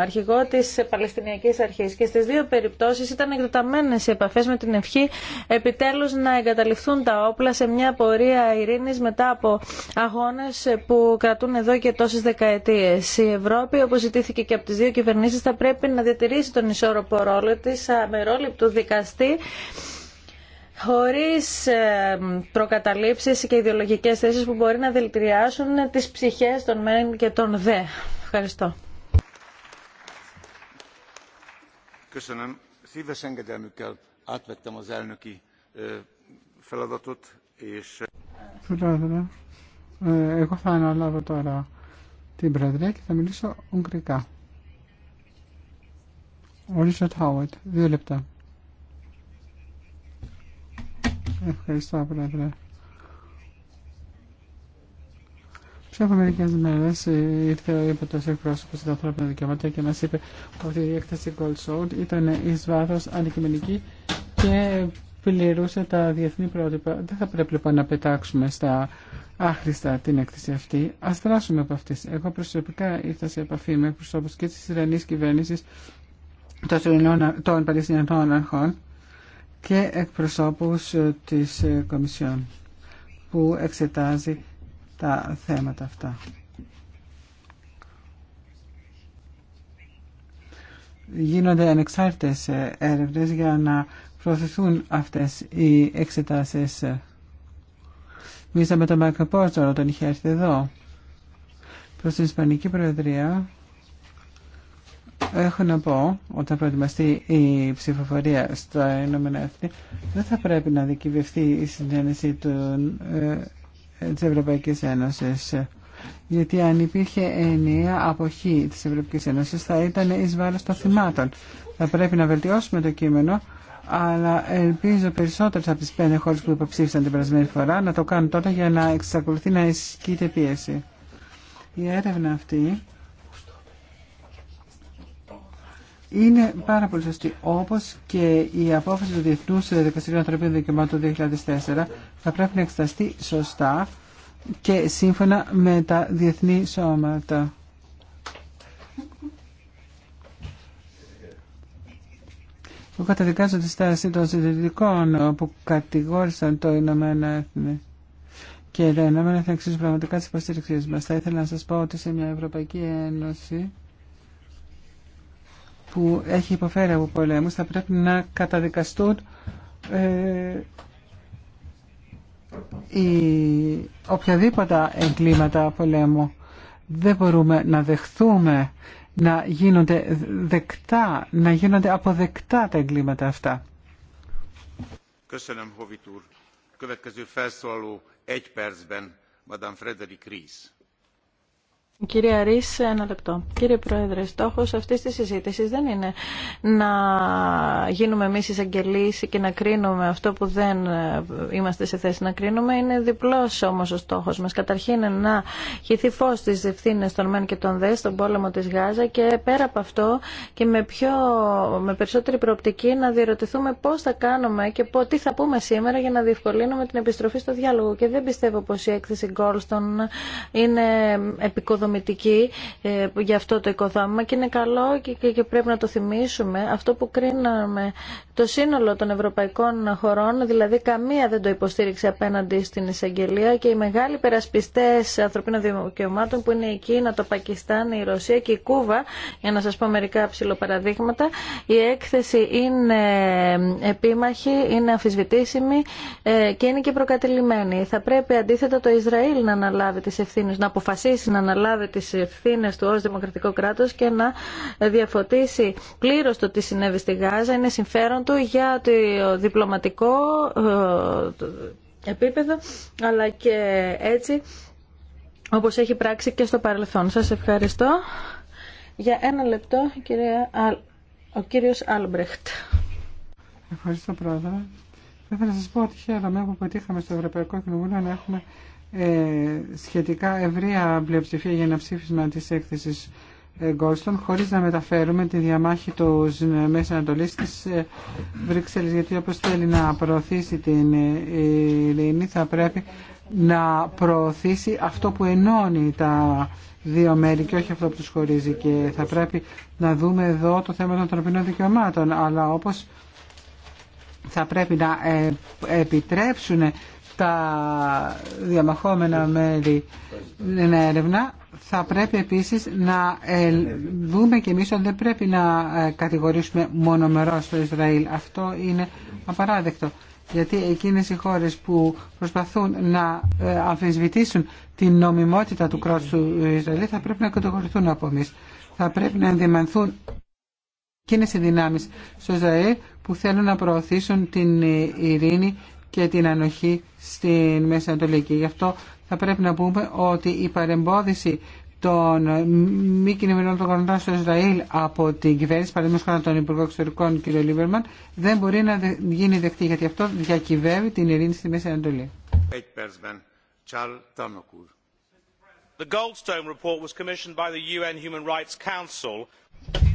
αρχηγό τη Παλαιστινιακή Αρχή Και στι δύο περιπτώσει ήταν εκτεταμένε οι επαφέ με την ευχή επιτέλου να εγκαταληφθούν τα όπλα σε μια πορεία ειρήνη μετά από αγώνε που κρατούν εδώ και τόσε δεκαετίε. Η Ευρώπη, όπω ζητήθηκε και από τι δύο κυβερνήσει, θα πρέπει να διατηρήσει τον ισόρροπο ρόλο της του δικαστή χωρίς ε, προκαταλήψεις και ιδεολογικές θέσεις που μπορεί να δηλητηριάσουν τις ψυχές των μεν και των δε. Ευχαριστώ. Πρόεδρε, εγώ θα αναλάβω τώρα την Προεδρία και θα μιλήσω ουγγρικά. Ορίστε Χάουιτ, δύο λεπτά. Ευχαριστώ, Πρόεδρε. Ποιο από μερικέ μέρε ήρθε ο ύποπτο εκπρόσωπο για τα ανθρώπινα και μα είπε ότι η έκθεση Gold Sword ήταν ει βάθο αντικειμενική και πληρούσε τα διεθνή πρότυπα. Δεν θα πρέπει λοιπόν να πετάξουμε στα άχρηστα την έκθεση αυτή. Α δράσουμε από αυτή. Εγώ προσωπικά ήρθα σε επαφή με εκπροσώπου και τη Ιρανή κυβέρνηση των Παλαιστινιανών Αρχών και εκπροσώπους της ε, Κομισιόν που εξετάζει τα θέματα αυτά. Γίνονται ανεξάρτητες ε, έρευνες για να προωθηθούν αυτές οι εξετάσεις. Μίλησα με τον Μάρκο Πόρτσορ όταν είχε έρθει εδώ. Προς την Ισπανική Προεδρία έχω να πω, όταν προετοιμαστεί η ψηφοφορία στα Ηνωμένα Έθνη, δεν θα πρέπει να δικηβευτεί η συνένεση τη ε, της Ευρωπαϊκής Ένωσης. Γιατί αν υπήρχε ενιαία αποχή της Ευρωπαϊκής Ένωσης θα ήταν εις βάρος των θυμάτων. Θα πρέπει να βελτιώσουμε το κείμενο, αλλά ελπίζω περισσότερε από τι πέντε χώρε που υποψήφισαν την περασμένη φορά να το κάνουν τότε για να εξακολουθεί να ισχύει πίεση. Η έρευνα αυτή είναι πάρα πολύ σωστή. Όπω και η απόφαση του Διεθνού Δικαστηρίου Ανθρωπίνων Δικαιωμάτων 2004 θα πρέπει να εξεταστεί σωστά και σύμφωνα με τα διεθνή σώματα. Εγώ καταδικάζω τη στάση των συντηρητικών που κατηγόρησαν το Ηνωμένο Έθνη. Και τα Ηνωμένα Έθνη αξίζουν πραγματικά τι υποστήριξή μα. Θα ήθελα να σα πω ότι σε μια Ευρωπαϊκή Ένωση που έχει υποφέρει από πολέμους θα πρέπει να καταδικαστούν ε, η, οποιαδήποτε εγκλήματα πολέμου. Δεν μπορούμε να δεχθούμε να γίνονται δεκτά, να γίνονται αποδεκτά τα εγκλήματα αυτά. ευχαριστώ, Következő Madame Ries. Κυρία Αρίς, ένα λεπτό. Κύριε Πρόεδρε, στόχος αυτής της συζήτησης δεν είναι να γίνουμε εμείς εισαγγελείς και να κρίνουμε αυτό που δεν ε, είμαστε σε θέση να κρίνουμε. Είναι διπλός όμως ο στόχος μας. Καταρχήν να χυθεί φως στις ευθύνε των ΜΕΝ και των ΔΕ στον πόλεμο της Γάζα και πέρα από αυτό και με, πιο, με περισσότερη προοπτική να διερωτηθούμε πώς θα κάνουμε και τι θα πούμε σήμερα για να διευκολύνουμε την επιστροφή στο διάλογο. Και δεν πιστεύω πως η έκθεση Γκόλστον είναι επικοδομητική ε, για αυτό το οικοδόμημα και είναι καλό και πρέπει να το θυμίσουμε. Αυτό που κρίναμε το σύνολο των ευρωπαϊκών χωρών, δηλαδή καμία δεν το υποστήριξε απέναντι στην εισαγγελία και οι μεγάλοι περασπιστές ανθρωπίνων δικαιωμάτων που είναι η Κίνα, το Πακιστάν, η Ρωσία και η Κούβα, για να σας πω μερικά ψηλοπαραδείγματα, η έκθεση είναι επίμαχη, είναι αμφισβητήσιμη ε, και είναι και προκατηλημένη. Θα πρέπει αντίθετα το Ισραήλ να αναλάβει τις ευθύνες, να αποφασίσει να αναλάβει αναλάβει τις ευθύνες του ως δημοκρατικό κράτος και να διαφωτίσει πλήρως το τι συνέβη στη Γάζα είναι συμφέρον του για το διπλωματικό ε, επίπεδο αλλά και έτσι όπως έχει πράξει και στο παρελθόν. Σας ευχαριστώ. Για ένα λεπτό κυρία, ο κύριος Άλμπρεχτ. Ευχαριστώ πρόεδρε. Θα ήθελα να σας πω ότι χαίρομαι που πετύχαμε στο Ευρωπαϊκό Κοινοβούλιο να έχουμε ε, σχετικά ευρεία πλειοψηφία για ένα ψήφισμα της έκθεσης Γκόλστον ε, χωρίς να μεταφέρουμε τη διαμάχη του ε, Μέση Ανατολής της Βρυξέλλες γιατί όπως θέλει να προωθήσει την ειρήνη θα πρέπει να προωθήσει αυτό που ενώνει τα δύο μέρη και όχι αυτό που τους χωρίζει και θα πρέπει να δούμε εδώ το θέμα των ανθρωπίνων δικαιωμάτων αλλά όπως θα πρέπει να επιτρέψουν τα διαμαχόμενα μέλη να έρευνα θα πρέπει επίσης να ε, δούμε και εμείς ότι δεν πρέπει να ε, κατηγορήσουμε μονομερώς το Ισραήλ. Αυτό είναι απαράδεκτο. Γιατί εκείνες οι χώρες που προσπαθούν να ε, αμφισβητήσουν την νομιμότητα του κράτους του Ισραήλ θα πρέπει να κατηγορηθούν από εμείς. Θα πρέπει να ενδυμανθούν εκείνες οι δυνάμεις στο Ισραήλ που θέλουν να προωθήσουν την ειρήνη και την ανοχή στην Μέση Ανατολική. Γι' αυτό θα πρέπει να πούμε ότι η παρεμπόδιση των μη κοινωνικών οργανωτών στο Ισραήλ από την κυβέρνηση, παραδείγματο χάρη των Υπουργών Εξωτερικών κ. Λίβερμαν, δεν μπορεί να γίνει δεκτή, γιατί αυτό διακυβεύει την ειρήνη στη Μέση Ανατολή.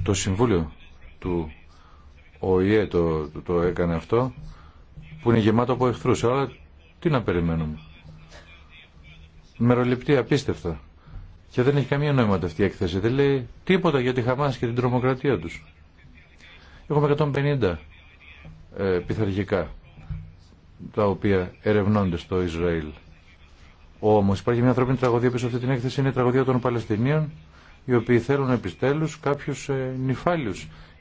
Το Συμβούλιο του ΟΗΕ το έκανε αυτό που είναι γεμάτο από εχθρού. Αλλά τι να περιμένουμε. Μεροληπτή απίστευτα. Και δεν έχει καμία νόημα αυτή η έκθεση. Δεν λέει τίποτα για τη χαμά και την τρομοκρατία του. Έχουμε 150 ε, πειθαρχικά τα οποία ερευνώνται στο Ισραήλ. Όμω υπάρχει μια ανθρώπινη τραγωδία πίσω αυτή την έκθεση, είναι η τραγωδία των Παλαιστινίων, οι οποίοι θέλουν επιστέλου κάποιου ε, νυφάλιου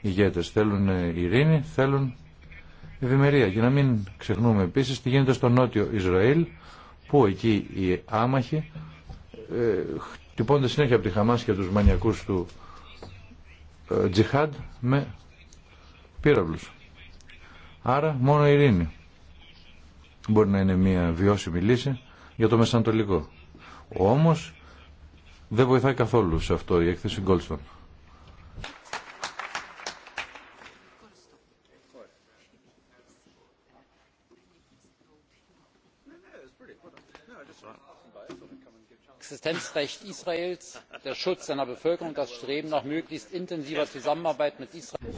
ηγέτε. Θέλουν ε, ειρήνη, θέλουν ευημερία. Και να μην ξεχνούμε επίση τι γίνεται στο νότιο Ισραήλ, που εκεί οι άμαχοι ε, χτυπώνται συνέχεια από τη Χαμάς και τους μανιακούς του ε, τζιχάντ με πύραυλους. Άρα μόνο η ειρήνη μπορεί να είναι μια βιώσιμη λύση για το Μεσανατολικό. Όμως δεν βοηθάει καθόλου σε αυτό η έκθεση Γκόλστον.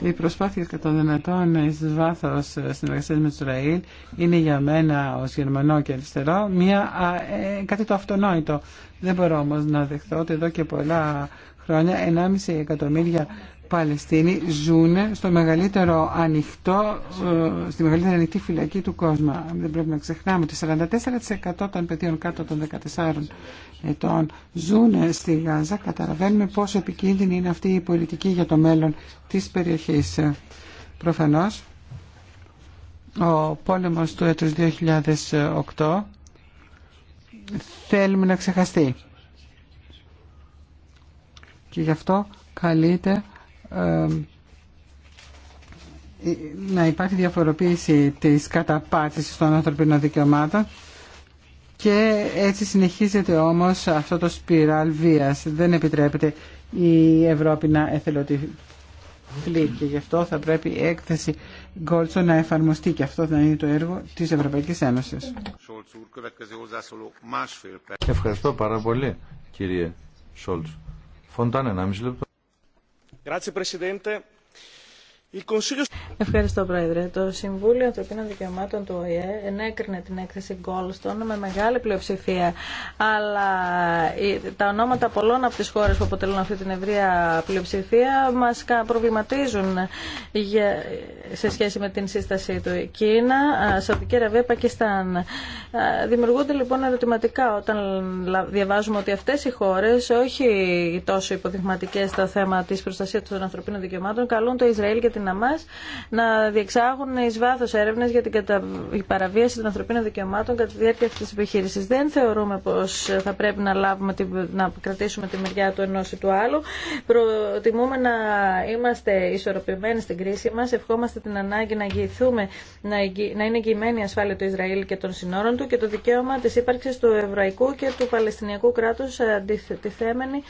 Η προσπάθεια κατά δυνατόν δυνατών ε, με Ισραήλ είναι για μένα ω Γερμανό και αριστερό μια, ε, κάτι το αυτονόητο. Δεν μπορώ όμως να δεχθώ ότι εδώ και πολλά χρόνια 1,5 εκατομμύρια Παλαιστίνοι ζουν στο μεγαλύτερο ανοιχτό, ε, στη μεγαλύτερη ανοιχτή φυλακή του κόσμου. Δεν πρέπει να ξεχνάμε ότι 44% των παιδιών κάτω των 14 ετών ζουν στη Γάζα. Καταλαβαίνουμε πόσο επικίνδυνη είναι αυτή η πολιτική για το μέλλον της περιοχής. Προφανώς, ο πόλεμος του έτους 2008 θέλουμε να ξεχαστεί. Και γι' αυτό καλείται ε, να υπάρχει διαφοροποίηση της καταπάτησης των ανθρωπίνων δικαιωμάτων και έτσι συνεχίζεται όμως αυτό το σπιράλ βίας. Δεν επιτρέπεται η Ευρώπη να εθελοτυφλεί και γι' αυτό θα πρέπει η έκθεση Γκόλτσο να εφαρμοστεί και αυτό θα είναι το έργο της Ευρωπαϊκής Ένωσης. Ευχαριστώ πάρα πολύ κύριε Σόλτς. Φοντάνε, ένα μισή λεπτό. Ευχαριστώ, Πρόεδρε. Το Συμβούλιο Ανθρωπίνων Δικαιωμάτων του ΟΗΕ ενέκρινε την έκθεση Goldstone με μεγάλη πλειοψηφία, αλλά ε, τα ονόματα πολλών από τις χώρες που αποτελούν αυτή την ευρεία πλειοψηφία μας προβληματίζουν σε σχέση με την σύστασή του. Κίνα, Σαουδική Αραβία, Πακιστάν. Δημιουργούνται λοιπόν ερωτηματικά όταν διαβάζουμε ότι αυτές οι χώρες, όχι τόσο υποδειγματικές στα θέμα της προστασίας των ανθρωπίνων δικαιωμάτων, καλούν το Ισραήλ και την ΑΜΑΣ να διεξάγουν εις βάθος έρευνες για την κατα... παραβίαση των ανθρωπίνων δικαιωμάτων κατά τη διάρκεια αυτής της επιχείρησης. Δεν θεωρούμε πως θα πρέπει να λάβουμε να κρατήσουμε τη μεριά του ενός ή του άλλου. Προτιμούμε να είμαστε ισορροπημένοι στην κρίση μας. Ευχόμαστε την ανάγκη να να, είναι εγγυημένη η ασφάλεια του Ισραήλ και των συνόρων του και το δικαίωμα της ύπαρξης του Εβραϊκού και του Παλαιστινιακού κράτους αντιθέμενη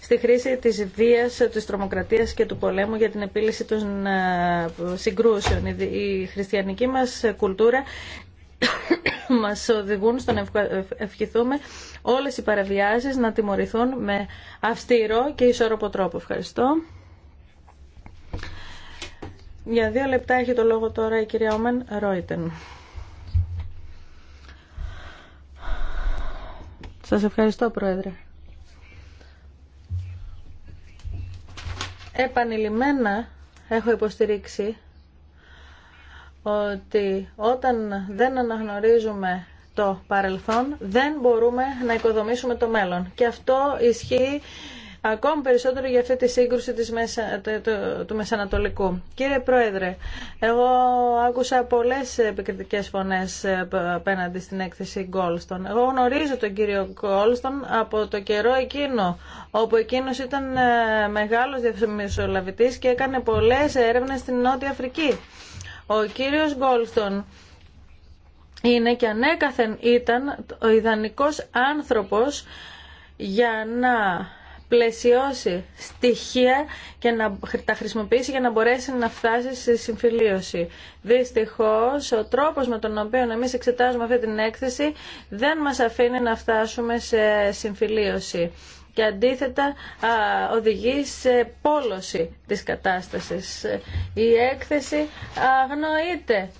στη χρήση της βίας, της τρομοκρατίας και του πολέμου για την επίλυση των ε, συγκρούσεων. Η χριστιανική μας κουλτούρα μας οδηγούν στο να ευχηθούμε όλες οι παραβιάσεις να τιμωρηθούν με αυστηρό και ισόρροπο τρόπο. Ευχαριστώ. Για δύο λεπτά έχει το λόγο τώρα η κυρία Όμεν Ρόιτεν. Σας ευχαριστώ, Πρόεδρε. Επανειλημμένα έχω υποστηρίξει ότι όταν δεν αναγνωρίζουμε το παρελθόν δεν μπορούμε να οικοδομήσουμε το μέλλον. Και αυτό ισχύει ακόμη περισσότερο για αυτή τη σύγκρουση του Μεσανατολικού. Κύριε Πρόεδρε, εγώ άκουσα πολλές επικριτικές φωνές ε, απέναντι στην έκθεση Γκόλστον. Εγώ γνωρίζω τον κύριο Γκόλστον από το καιρό εκείνο, όπου εκείνος ήταν ε, μεγάλος διαφημισολαβητής και έκανε πολλές έρευνες στην Νότια Αφρική. Ο κύριος Γκόλστον είναι και ανέκαθεν ήταν ο ιδανικός άνθρωπος για να πλαισιώσει στοιχεία και να τα χρησιμοποιήσει για να μπορέσει να φτάσει σε συμφιλίωση. Δυστυχώς, ο τρόπος με τον οποίο εμείς εξετάζουμε αυτή την έκθεση δεν μας αφήνει να φτάσουμε σε συμφιλίωση και αντίθετα οδηγεί σε πόλωση της κατάστασης. Η έκθεση αγνοείται.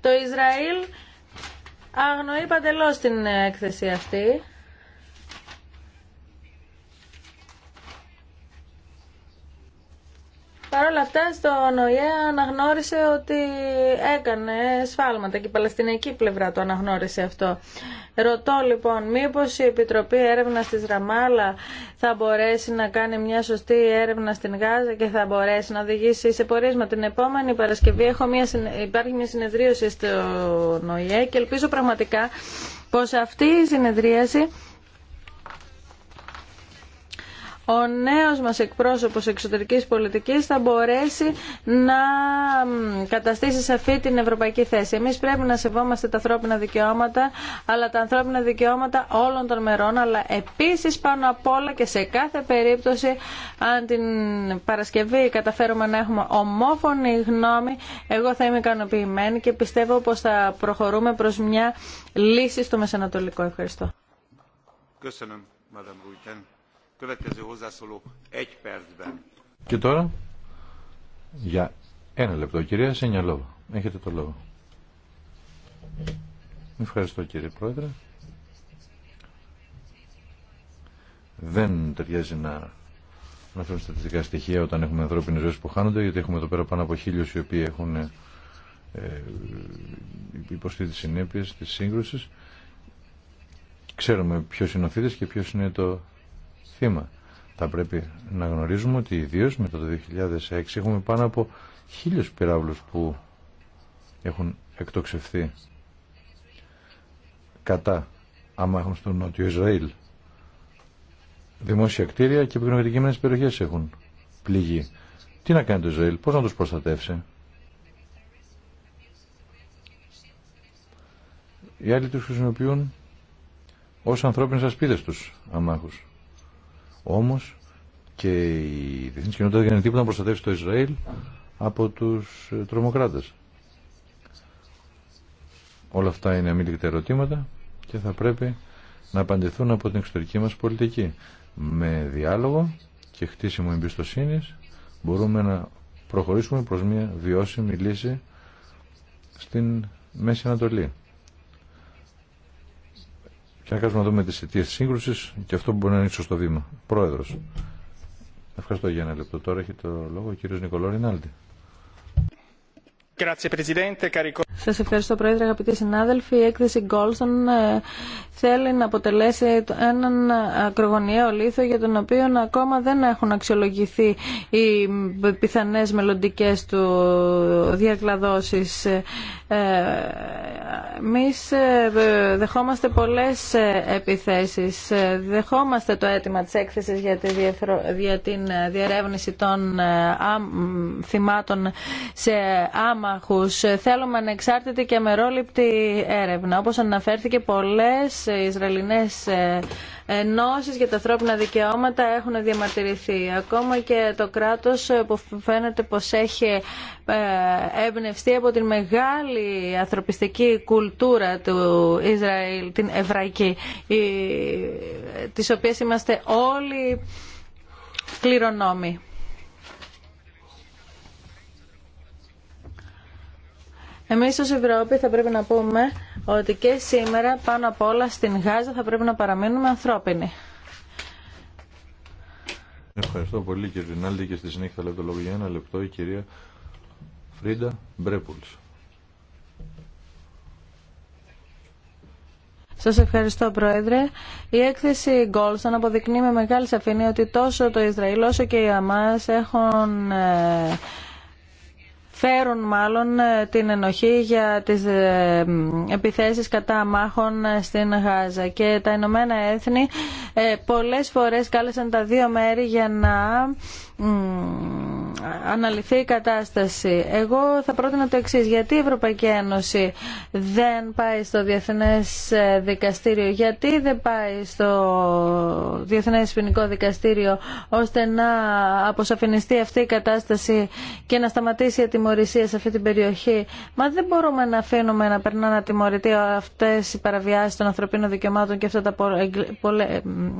Το Ισραήλ αγνοεί παντελώς την έκθεση αυτή Παρ' όλα αυτά, στο ΝΟΙΕ αναγνώρισε ότι έκανε σφάλματα και η Παλαιστινιακή πλευρά το αναγνώρισε αυτό. Ρωτώ λοιπόν, μήπως η Επιτροπή Έρευνα της Ραμάλα θα μπορέσει να κάνει μια σωστή έρευνα στην Γάζα και θα μπορέσει να οδηγήσει σε πορίσμα. Την επόμενη Παρασκευή έχω μια, υπάρχει μια συνεδρίωση στο ΝΟΙΕ και ελπίζω πραγματικά πως αυτή η συνεδρίαση ο νέος μας εκπρόσωπος εξωτερικής πολιτικής θα μπορέσει να καταστήσει σαφή την ευρωπαϊκή θέση. Εμείς πρέπει να σεβόμαστε τα ανθρώπινα δικαιώματα, αλλά τα ανθρώπινα δικαιώματα όλων των μερών, αλλά επίσης πάνω απ' όλα και σε κάθε περίπτωση, αν την Παρασκευή καταφέρουμε να έχουμε ομόφωνη γνώμη, εγώ θα είμαι ικανοποιημένη και πιστεύω πως θα προχωρούμε προς μια λύση στο Μεσανατολικό. Ευχαριστώ. Και τώρα, για ένα λεπτό, κυρία Σενιαλόβα. Έχετε το λόγο. Ευχαριστώ κύριε Πρόεδρε. Δεν ταιριάζει να αναφέρουμε στατιστικά στοιχεία όταν έχουμε ανθρώπινες ζωές που χάνονται, γιατί έχουμε εδώ πέρα πάνω από χίλιους οι οποίοι έχουν ε, υποστεί τις συνέπειες της σύγκρουσης. Ξέρουμε ποιος είναι ο και ποιος είναι το θύμα. Θα πρέπει να γνωρίζουμε ότι ιδίω μετά το 2006 έχουμε πάνω από χίλιους πυράβλους που έχουν εκτοξευθεί κατά άμα έχουν στο νότιο Ισραήλ. Δημόσια κτίρια και επικοινωνικές περιοχές έχουν πληγεί. Τι να κάνει το Ισραήλ, πώς να τους προστατεύσει. Οι άλλοι τους χρησιμοποιούν ως ανθρώπινες ασπίδες τους αμάχους. Όμως και η διεθνή κοινότητα δεν έκανε τίποτα να προστατεύσει το Ισραήλ από τους ε, τρομοκράτες. Όλα αυτά είναι αμήλικτα ερωτήματα και θα πρέπει να απαντηθούν από την εξωτερική μας πολιτική. Με διάλογο και χτίσιμο εμπιστοσύνης μπορούμε να προχωρήσουμε προς μια βιώσιμη λύση στην Μέση Ανατολή και να κάνουμε να δούμε τις αιτίε της σύγκρουσης και αυτό που μπορεί να είναι σωστό βήμα. Πρόεδρο. Ευχαριστώ για ένα λεπτό. Τώρα έχει το λόγο ο κύριος Νικολό Ρινάλντι. Σας ευχαριστώ Πρόεδρε, αγαπητοί συνάδελφοι. Η έκθεση Γκόλστον ε, θέλει να αποτελέσει έναν ακρογωνιαίο λίθο για τον οποίο ακόμα δεν έχουν αξιολογηθεί οι πιθανές μελλοντικέ του διακλαδώσεις. Ε, Εμεί ε, δεχόμαστε πολλές επιθέσεις. Δεχόμαστε το αίτημα της έκθεσης για την διερεύνηση των θυμάτων σε άμα θέλουμε Θέλουμε ανεξάρτητη και αμερόληπτη έρευνα. Όπως αναφέρθηκε πολλές Ισραηλινές ε, ενώσεις για τα ανθρώπινα δικαιώματα έχουν διαμαρτυρηθεί. Ακόμα και το κράτος ε, που φαίνεται πως έχει ε, εμπνευστεί από την μεγάλη ανθρωπιστική κουλτούρα του Ισραήλ, την εβραϊκή, της οποίας είμαστε όλοι κληρονόμοι. Εμείς ως Ευρώπη θα πρέπει να πούμε ότι και σήμερα πάνω απ' όλα στην Γάζα θα πρέπει να παραμείνουμε ανθρώπινοι. Ευχαριστώ πολύ κύριε Ρινάλντι και στη συνέχεια θα λέω το λόγο για ένα λεπτό η κυρία Φρίντα Μπρέπουλς. Σας ευχαριστώ Πρόεδρε. Η έκθεση Γκόλσταν αποδεικνύει με μεγάλη σαφήνεια ότι τόσο το Ισραήλ όσο και η Αμά έχουν ε, φέρουν μάλλον ε, την ενοχή για τις ε, επιθέσεις κατά μάχων ε, στην Γάζα. Και τα Ηνωμένα Έθνη πολλές φορές κάλεσαν τα δύο μέρη για να αναλυθεί η κατάσταση. Εγώ θα πρότεινα το εξής. Γιατί η Ευρωπαϊκή Ένωση δεν πάει στο Διεθνές ε, Δικαστήριο, γιατί δεν πάει στο Διεθνές Ποινικό Δικαστήριο ώστε να αποσαφινιστεί αυτή η κατάσταση και να σταματήσει η ατιμορρησία σε αυτή την περιοχή. Μα δεν μπορούμε να αφήνουμε να περνάνε ατιμωρητοί αυτέ οι παραβιάσει των ανθρωπίνων δικαιωμάτων και αυτά τα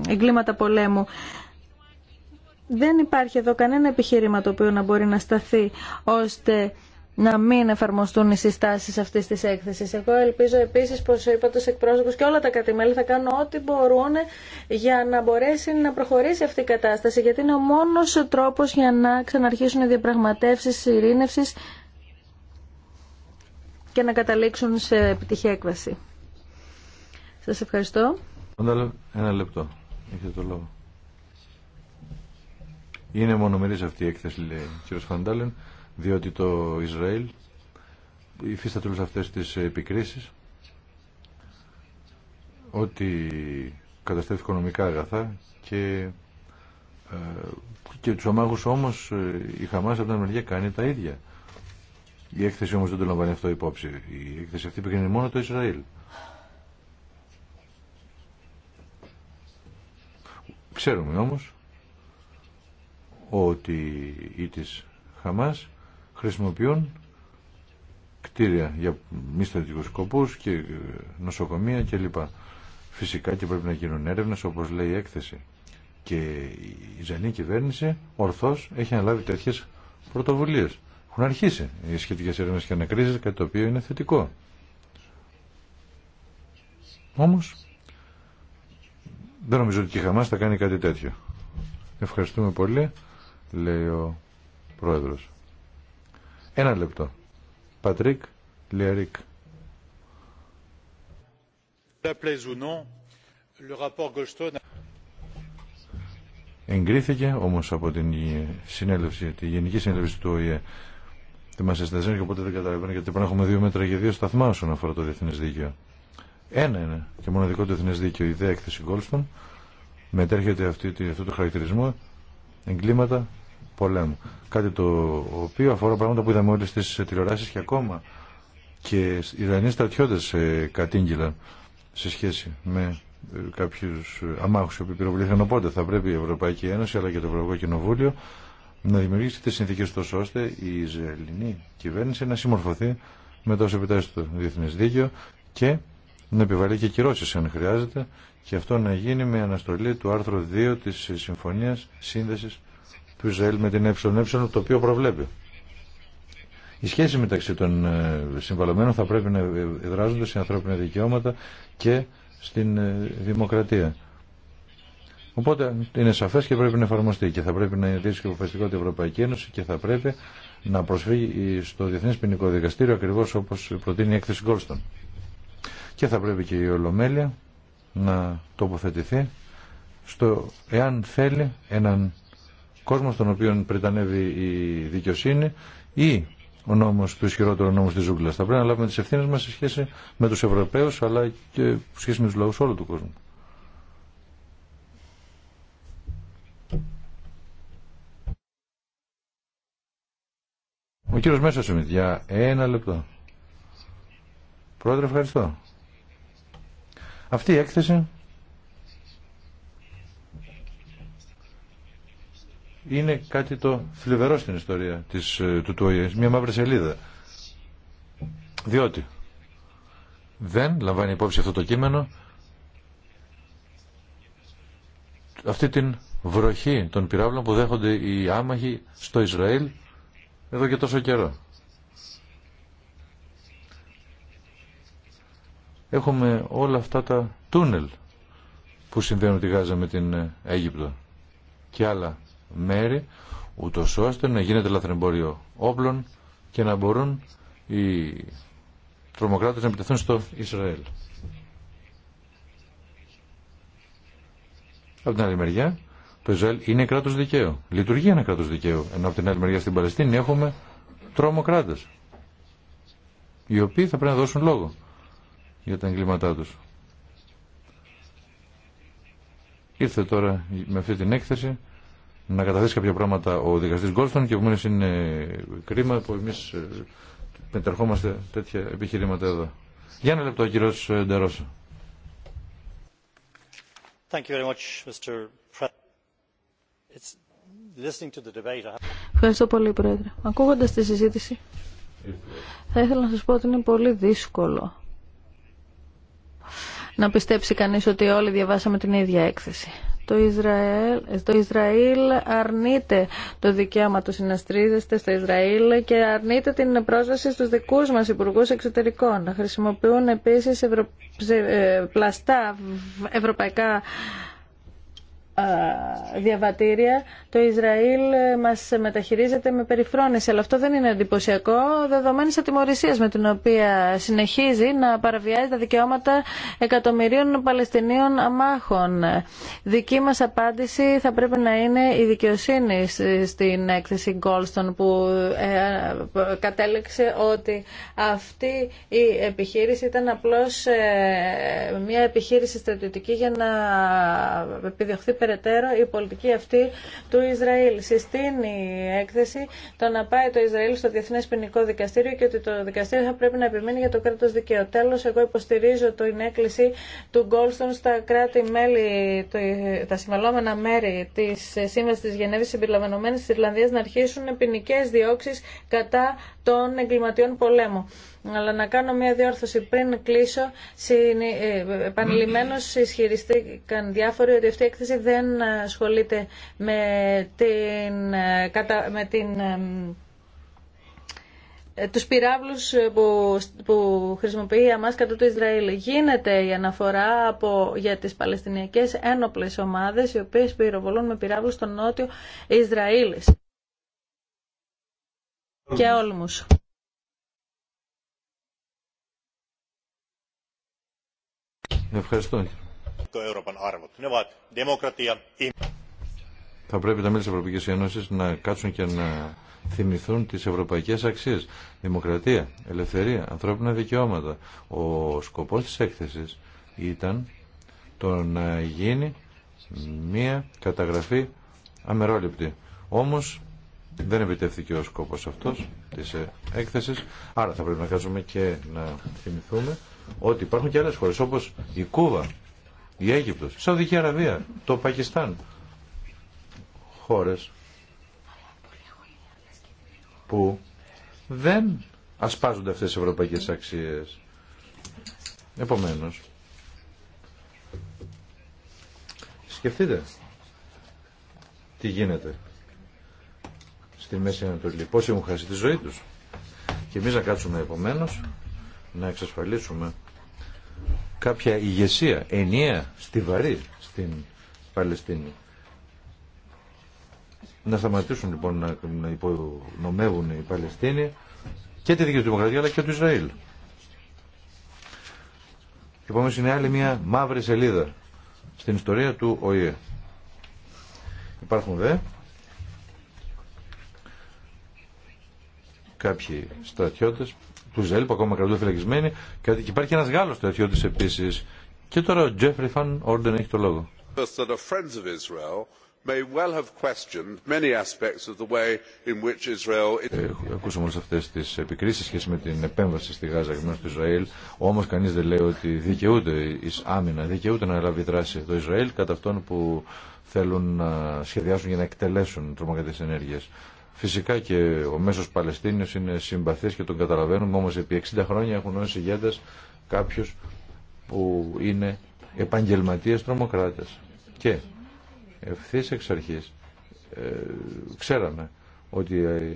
εγκλήματα πολέμου δεν υπάρχει εδώ κανένα επιχείρημα το οποίο να μπορεί να σταθεί ώστε να μην εφαρμοστούν οι συστάσει αυτή τη έκθεση. Εγώ ελπίζω επίσης πως είπα του εκπρόσωπος και όλα τα κατημέλη θα κάνουν ό,τι μπορούν για να μπορέσει να προχωρήσει αυτή η κατάσταση, γιατί είναι ο μόνος τρόπος για να ξαναρχίσουν οι διαπραγματεύσεις ειρήνευση και να καταλήξουν σε επιτυχία έκβαση. Σας ευχαριστώ. Ένα λεπτό. Έχετε το λόγο. Είναι μονομερή αυτή η έκθεση, λέει ο κ. Φαντάλεν, διότι το Ισραήλ υφίσταται όλε αυτέ τις επικρίσεις ότι καταστρέφει οικονομικά αγαθά και, ε, και τους όμως ε, η Χαμάς από την μεριά κάνει τα ίδια. Η έκθεση όμως δεν το λαμβάνει αυτό υπόψη. Η έκθεση αυτή πηγαίνει μόνο το Ισραήλ. Ξέρουμε όμως ότι οι της Χαμάς χρησιμοποιούν κτίρια για μη στρατικούς σκοπούς και ε, νοσοκομεία κλπ. Φυσικά και πρέπει να γίνουν έρευνες όπως λέει η έκθεση. Και η Ζανή κυβέρνηση ορθώς έχει αναλάβει τέτοιες πρωτοβουλίες. Έχουν αρχίσει οι σχετικές έρευνες και ανακρίσεις, κάτι το οποίο είναι θετικό. Όμως δεν νομίζω ότι η Χαμάς θα κάνει κάτι τέτοιο. Ευχαριστούμε πολύ λέει ο πρόεδρος. Ένα λεπτό. Πατρίκ Λιαρίκ. Εγκρίθηκε όμως από την συνέλευση, τη Γενική Συνέλευση του ΟΗΕ τη μα και οπότε δεν καταλαβαίνω γιατί πρέπει να έχουμε δύο μέτρα και δύο σταθμά όσον αφορά το διεθνές δίκαιο. Ένα είναι και μοναδικό το διεθνές δίκαιο, η ιδέα έκθεση Γκόλστον μετέρχεται αυτή, αυτό το χαρακτηρισμό εγκλήματα πολέμου. Κάτι το οποίο αφορά πράγματα που είδαμε όλες τις τηλεοράσεις και ακόμα και οι Ιρανοί στρατιώτες ε, κατήγγυλαν σε σχέση με ε, κάποιους ε, αμάχους που πυροβληθήκαν. οπότε θα πρέπει η Ευρωπαϊκή Ένωση αλλά και το Ευρωπαϊκό Κοινοβούλιο να δημιουργήσει τις συνθήκες τόσο ώστε η Ισραηλινή κυβέρνηση να συμμορφωθεί με τόσο επιτάσεις στο το διεθνές δίκαιο και να επιβάλλει και κυρώσεις αν χρειάζεται και αυτό να γίνει με αναστολή του άρθρου 2 της Συμφωνίας Σύνδεσης του Ισραήλ με την ΕΕ, το οποίο προβλέπει. Η σχέση μεταξύ των ε, συμβαλωμένων θα πρέπει να δράζονται σε ανθρώπινα δικαιώματα και στην ε, δημοκρατία. Οπότε είναι σαφές και πρέπει να εφαρμοστεί και θα πρέπει να ειδήσει και αποφασιστικό την Ευρωπαϊκή Ένωση και θα πρέπει να προσφύγει στο Διεθνές Ποινικό Δικαστήριο ακριβώς όπως προτείνει η έκθεση Γκόλστον. Και θα πρέπει και η Ολομέλεια να τοποθετηθεί στο εάν θέλει έναν κόσμο στον οποίο πρετανεύει η δικαιοσύνη ή ο νόμος του ισχυρότερο νόμος της ζούγκλας. Θα πρέπει να λάβουμε τις ευθύνες μας σε σχέση με τους Ευρωπαίους αλλά και σε σχέση με τους λαούς όλου του κόσμου. Ο κύριος Μέσος για ένα λεπτό. Πρόεδρε, ευχαριστώ. Αυτή η έκθεση είναι κάτι το θλιβερό στην ιστορία της, ε, του του μια μαύρη σελίδα. Διότι δεν λαμβάνει υπόψη αυτό το κείμενο αυτή την βροχή των πυράβλων που δέχονται οι άμαχοι στο Ισραήλ εδώ και τόσο καιρό. έχουμε όλα αυτά τα τούνελ που συνδέουν τη Γάζα με την ε, Αίγυπτο και άλλα μέρη ούτω ώστε να γίνεται λαθρεμπόριο όπλων και να μπορούν οι τρομοκράτες να επιτεθούν στο Ισραήλ. Από την άλλη μεριά, το Ισραήλ είναι κράτος δικαίου. Λειτουργεί ένα κράτος δικαίου. Ενώ από την άλλη μεριά στην Παλαιστίνη έχουμε τρομοκράτες. Οι οποίοι θα πρέπει να δώσουν λόγο για τα εγκλήματά τους. Ήρθε τώρα με αυτή την έκθεση να καταθέσει κάποια πράγματα ο δικαστής Γκόλστον και επομένως είναι κρίμα που εμείς ε, μετερχόμαστε τέτοια επιχειρήματα εδώ. Για ένα λεπτό ο κύριος ε, Ντερόσα. Ευχαριστώ πολύ, Πρόεδρε. Ακούγοντας τη συζήτηση, θα ήθελα να σας πω ότι είναι πολύ δύσκολο να πιστέψει κανείς ότι όλοι διαβάσαμε την ίδια έκθεση. Το Ισραήλ, το Ισραήλ αρνείται το δικαίωμα του συναστρίζεστε στο Ισραήλ και αρνείται την πρόσβαση στους δικούς μας υπουργού εξωτερικών. Χρησιμοποιούν επίσης ε, πλαστά ευρωπαϊκά διαβατήρια, το Ισραήλ ε, μας μεταχειρίζεται με περιφρόνηση. Αλλά αυτό δεν είναι εντυπωσιακό, δεδομένης ατιμορρησίας με την οποία συνεχίζει να παραβιάζει τα δικαιώματα εκατομμυρίων Παλαιστινίων αμάχων. Δική μας απάντηση θα πρέπει να είναι η δικαιοσύνη στην έκθεση Γκόλστον που ε, κατέληξε ότι αυτή η επιχείρηση ήταν απλώς ε, μια επιχείρηση στρατιωτική για να επιδιωχθεί περαιτέρω η πολιτική αυτή του Ισραήλ. Συστήνει η έκθεση το να πάει το Ισραήλ στο διεθνέ Ποινικό Δικαστήριο και ότι το δικαστήριο θα πρέπει να επιμείνει για το κράτο δικαίου. Τέλο, εγώ υποστηρίζω την έκκληση του Γκόλστον στα κράτη-μέλη, τα συμβαλόμενα μέρη τη Σύμβασης τη Γενέβη συμπεριλαμβανομένη τη Ιρλανδία να αρχίσουν ποινικέ διώξει κατά των εγκληματιών πολέμου αλλά να κάνω μια διόρθωση πριν κλείσω. Ε, Επανειλημμένω ισχυριστήκαν διάφοροι ότι αυτή η έκθεση δεν ασχολείται με την, ε, με την ε, τους πυράβλους που, που χρησιμοποιεί η Αμάς κατά του Ισραήλ. Γίνεται η αναφορά από, για τις Παλαιστινιακές ένοπλες ομάδες οι οποίες πυροβολούν με πυράβλους στο νότιο Ισραήλ και όλμους. Ευχαριστώ. Θα πρέπει τα μέλη της Ευρωπαϊκής Ένωσης να κάτσουν και να θυμηθούν τις ευρωπαϊκές αξίες. Δημοκρατία, ελευθερία, ανθρώπινα δικαιώματα. Ο σκοπός της έκθεσης ήταν το να γίνει μία καταγραφή αμερόληπτη. Όμως δεν επιτεύθηκε ο σκόπος αυτός της έκθεσης, άρα θα πρέπει να κάτσουμε και να θυμηθούμε ότι υπάρχουν και άλλες χώρες όπως η Κούβα, η Αίγυπτος, η Σαουδική Αραβία, το Πακιστάν. Χώρες που δεν ασπάζονται αυτές οι ευρωπαϊκές αξίες. Επομένως, σκεφτείτε τι γίνεται στη Μέση Ανατολή. Πόσοι έχουν χάσει τη ζωή τους. Και εμείς να κάτσουμε επομένως να εξασφαλίσουμε κάποια ηγεσία ενιαία, στιβαρή στην Παλαιστίνη. Να σταματήσουν λοιπόν να υπονομεύουν οι Παλαιστίνοι και τη δική του δημοκρατία αλλά και του Ισραήλ. Επομένως είναι άλλη μια μαύρη σελίδα στην ιστορία του ΟΗΕ. Υπάρχουν δε κάποιοι στρατιώτες του Ισραήλ που ακόμα κρατούν φυλακισμένοι και υπάρχει ένας Γάλλος στρατιώτη της επίσης. Και τώρα ο Τζέφρι Φαν Όρντεν έχει το λόγο. Ακούσαμε όλε αυτέ τι επικρίσει σχέση με την επέμβαση στη Γάζα και στο Ισραήλ. Όμω κανεί δεν λέει ότι δικαιούται η άμυνα, δικαιούται να λάβει δράση το Ισραήλ κατά αυτόν που θέλουν να σχεδιάσουν για να εκτελέσουν τρομοκρατικέ ενέργειε. Φυσικά και ο μέσος Παλαιστίνιος είναι συμπαθής και τον καταλαβαίνουμε, όμως επί 60 χρόνια έχουν ω ηγέτε κάποιου που είναι επαγγελματίε τρομοκράτε. Και ευθύ εξ αρχή, ε, ξέραμε ότι ε, ε,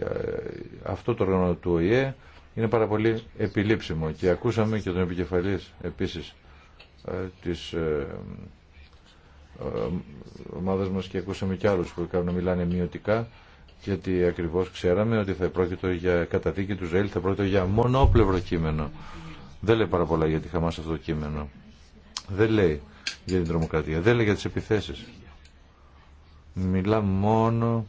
αυτό το όργανο του ΟΗΕ είναι πάρα πολύ επιλήψιμο και ακούσαμε και τον επικεφαλής επίσης ε, της ομάδας μας και ακούσαμε και άλλους που κάνουν μιλάνε μειωτικά γιατί ακριβώς ξέραμε ότι θα πρόκειται για καταδίκη του Ζαήλ, θα πρόκειται για μονόπλευρο κείμενο. Δεν λέει πάρα πολλά για Χαμάς αυτό το κείμενο. Δεν λέει για την τρομοκρατία, δεν λέει για τις επιθέσεις. Μιλά μόνο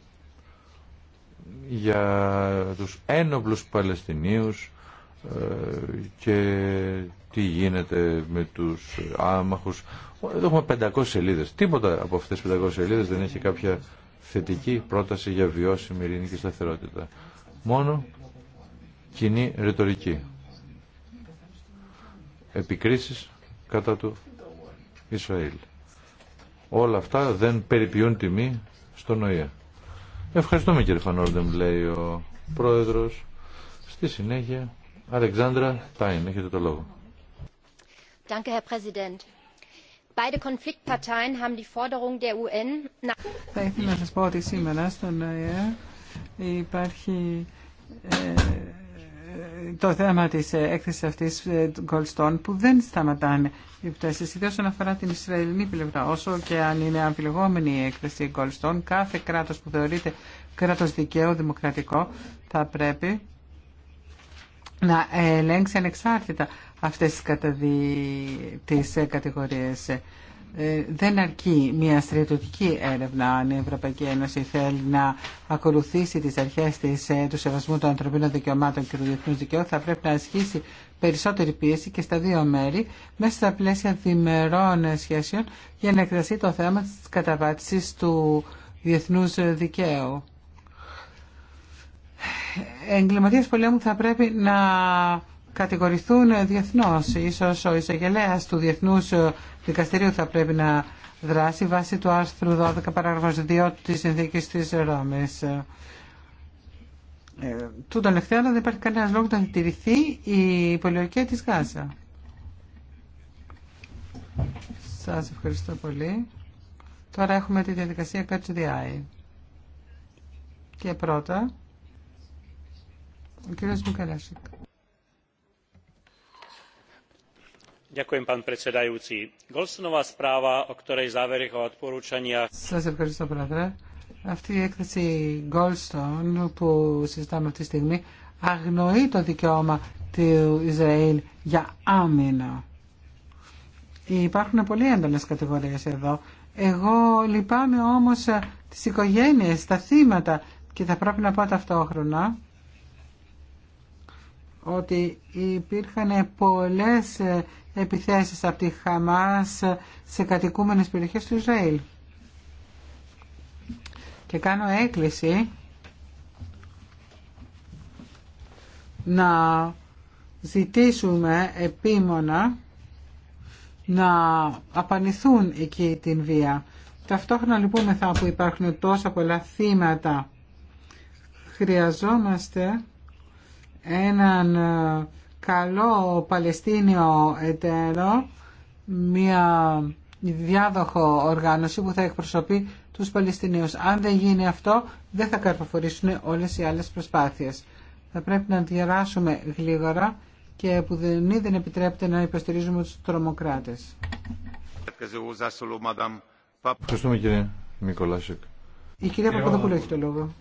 για τους ένοπλους Παλαιστινίους ε, και τι γίνεται με τους άμαχους. Εδώ έχουμε 500 σελίδες. Τίποτα από αυτές τις 500 σελίδες δεν έχει κάποια θετική πρόταση για βιώσιμη και σταθερότητα. Μόνο κοινή ρητορική. Επικρίσεις κατά του Ισραήλ. Όλα αυτά δεν περιποιούν τιμή στον ΟΗΕ. Ευχαριστούμε κύριε Φανόρντεμ, λέει ο πρόεδρος. Στη συνέχεια, Αλεξάνδρα Τάιν, έχετε το λόγο. Danke, Herr θα ήθελα να σας πω ότι σήμερα στον ΝΑΕΑ υπάρχει ε, ε, το θέμα της ε, έκθεσης αυτής Goldstone που δεν σταματάνε οι πτώσεις, ιδίως όσον αφορά την Ισραηλινή πλευρά. Όσο και αν είναι αμφιλεγόμενη η έκθεση Goldstone, κάθε κράτος που θεωρείται κράτος δικαίου, δημοκρατικό, θα πρέπει να ελέγξει ανεξάρτητα αυτές τις, καταδι... Ε, κατηγορίες. Ε, δεν αρκεί μια στρατιωτική έρευνα αν η Ευρωπαϊκή Ένωση θέλει να ακολουθήσει τις αρχές της, ε, του σεβασμού των ανθρωπίνων δικαιωμάτων και του διεθνούς δικαίου θα πρέπει να ασχίσει περισσότερη πίεση και στα δύο μέρη μέσα στα πλαίσια διμερών σχέσεων για να εκδραστεί το θέμα της καταβάτησης του διεθνούς δικαίου. Εγκληματίες πολέμου θα πρέπει να κατηγορηθούν διεθνώς. Ίσως ο εισαγγελέα του Διεθνούς Δικαστηρίου θα πρέπει να δράσει βάσει του άρθρου 12 παράγραφος 2 της συνθήκης της Ρώμης. Ε, τούτον δεν υπάρχει κανένας λόγο να τηρηθεί η πολιορκία της Γάζα. Σας ευχαριστώ πολύ. Τώρα έχουμε τη διαδικασία Catch Και πρώτα, ο κύριος Μικαλάσικ. Σα ευχαριστώ, Πρόεδρε. Αυτή η έκθεση Goldstone που συζητάμε αυτή τη στιγμή αγνοεί το δικαίωμα του Ισραήλ για άμυνα. Υπάρχουν πολύ έντονε κατηγορίε εδώ. Εγώ λυπάμαι όμω ε, τι οικογένειε, τα θύματα και θα πρέπει να πω ταυτόχρονα ότι υπήρχαν πολλέ. Ε, επιθέσεις από τη Χαμάς σε κατοικούμενες περιοχές του Ισραήλ. Και κάνω έκκληση να ζητήσουμε επίμονα να απανηθούν εκεί την βία. Ταυτόχρονα λοιπόν λοιπόν, που υπάρχουν τόσα πολλά θύματα. Χρειαζόμαστε έναν ε, καλό Παλαιστίνιο εταίρο, μια διάδοχο οργάνωση που θα εκπροσωπεί τους Παλαιστινίους. Αν δεν γίνει αυτό, δεν θα καρποφορήσουν όλες οι άλλες προσπάθειες. Θα πρέπει να διαράσουμε γλίγορα και που δεν, δεν επιτρέπεται να υποστηρίζουμε τους τρομοκράτες. Ευχαριστούμε κύριε Η κυρία Παπαδοπούλου έχει το λόγο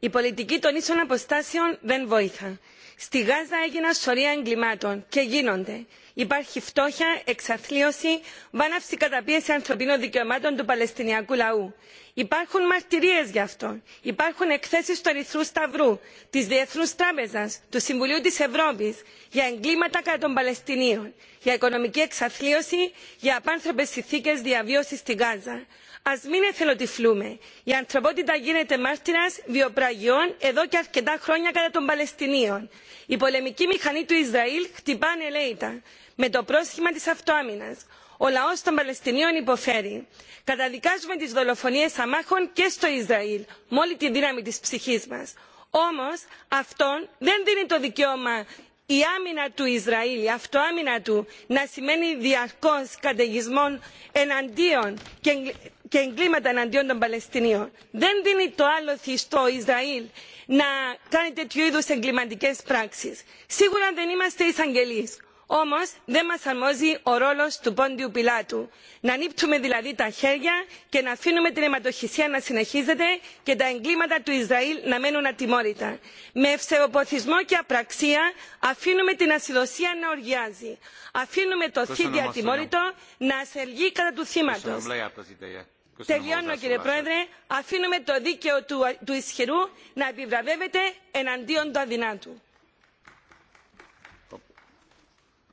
η πολιτική των ίσων αποστάσεων δεν βοήθα. στη γάζα έγιναν σωρία εγκλημάτων και γίνονται. υπάρχει φτώχεια εξαθλίωση βάναυση καταπίεση ανθρωπίνων δικαιωμάτων του παλαιστινιακού λαού. υπάρχουν μαρτυρίε γι' αυτό. υπάρχουν εκθέσει του ερυθρού σταυρού τη διεθνού τράπεζα του συμβουλίου τη Ευρώπη για εγκλήματα κατά των παλαιστινίων για οικονομική εξαθλίωση για απάνθρωπε συνθήκε διαβιώση στη γάζα. Α μην εθελοτυφλούμε. Η ανθρωπότητα γίνεται μάρτυρα βιοπραγιών εδώ και αρκετά χρόνια κατά των Παλαιστινίων. Η πολεμική μηχανή του Ισραήλ χτυπά ανελαίητα με το πρόσχημα τη αυτοάμυνα. Ο λαό των Παλαιστινίων υποφέρει. Καταδικάζουμε τι δολοφονίε αμάχων και στο Ισραήλ με όλη τη δύναμη τη ψυχή μα. Όμω, αυτόν δεν δίνει το δικαίωμα η άμυνα του Ισραήλ, η αυτοάμυνα του να σημαίνει διαρκώς καταιγισμό εναντίον και εγκλήματα εναντίον των Παλαιστινίων. Δεν δίνει το άλοθη στο Ισραήλ να κάνει τέτοιου είδους εγκληματικές πράξεις. Σίγουρα δεν είμαστε εισαγγελείς όμως δεν μας αρμόζει ο ρόλος του πόντιου πιλάτου. Να νύπτουμε δηλαδή τα χέρια και να αφήνουμε την αιματοχυσία να συνεχίζεται και τα εγκλήματα του Ισραήλ να μένουν ατιμόρυτα. Με ευσεοποθισμό και απραξία αφήνουμε την ασυδοσία να οργιάζει. Αφήνουμε το θήτη ατιμόρυτο να ασελγεί κατά του θύματος. Τελειώνω κύριε Πρόεδρε, αφήνουμε το δίκαιο του ισχυρού να επιβραβεύεται εναντίον του αδυνάτου.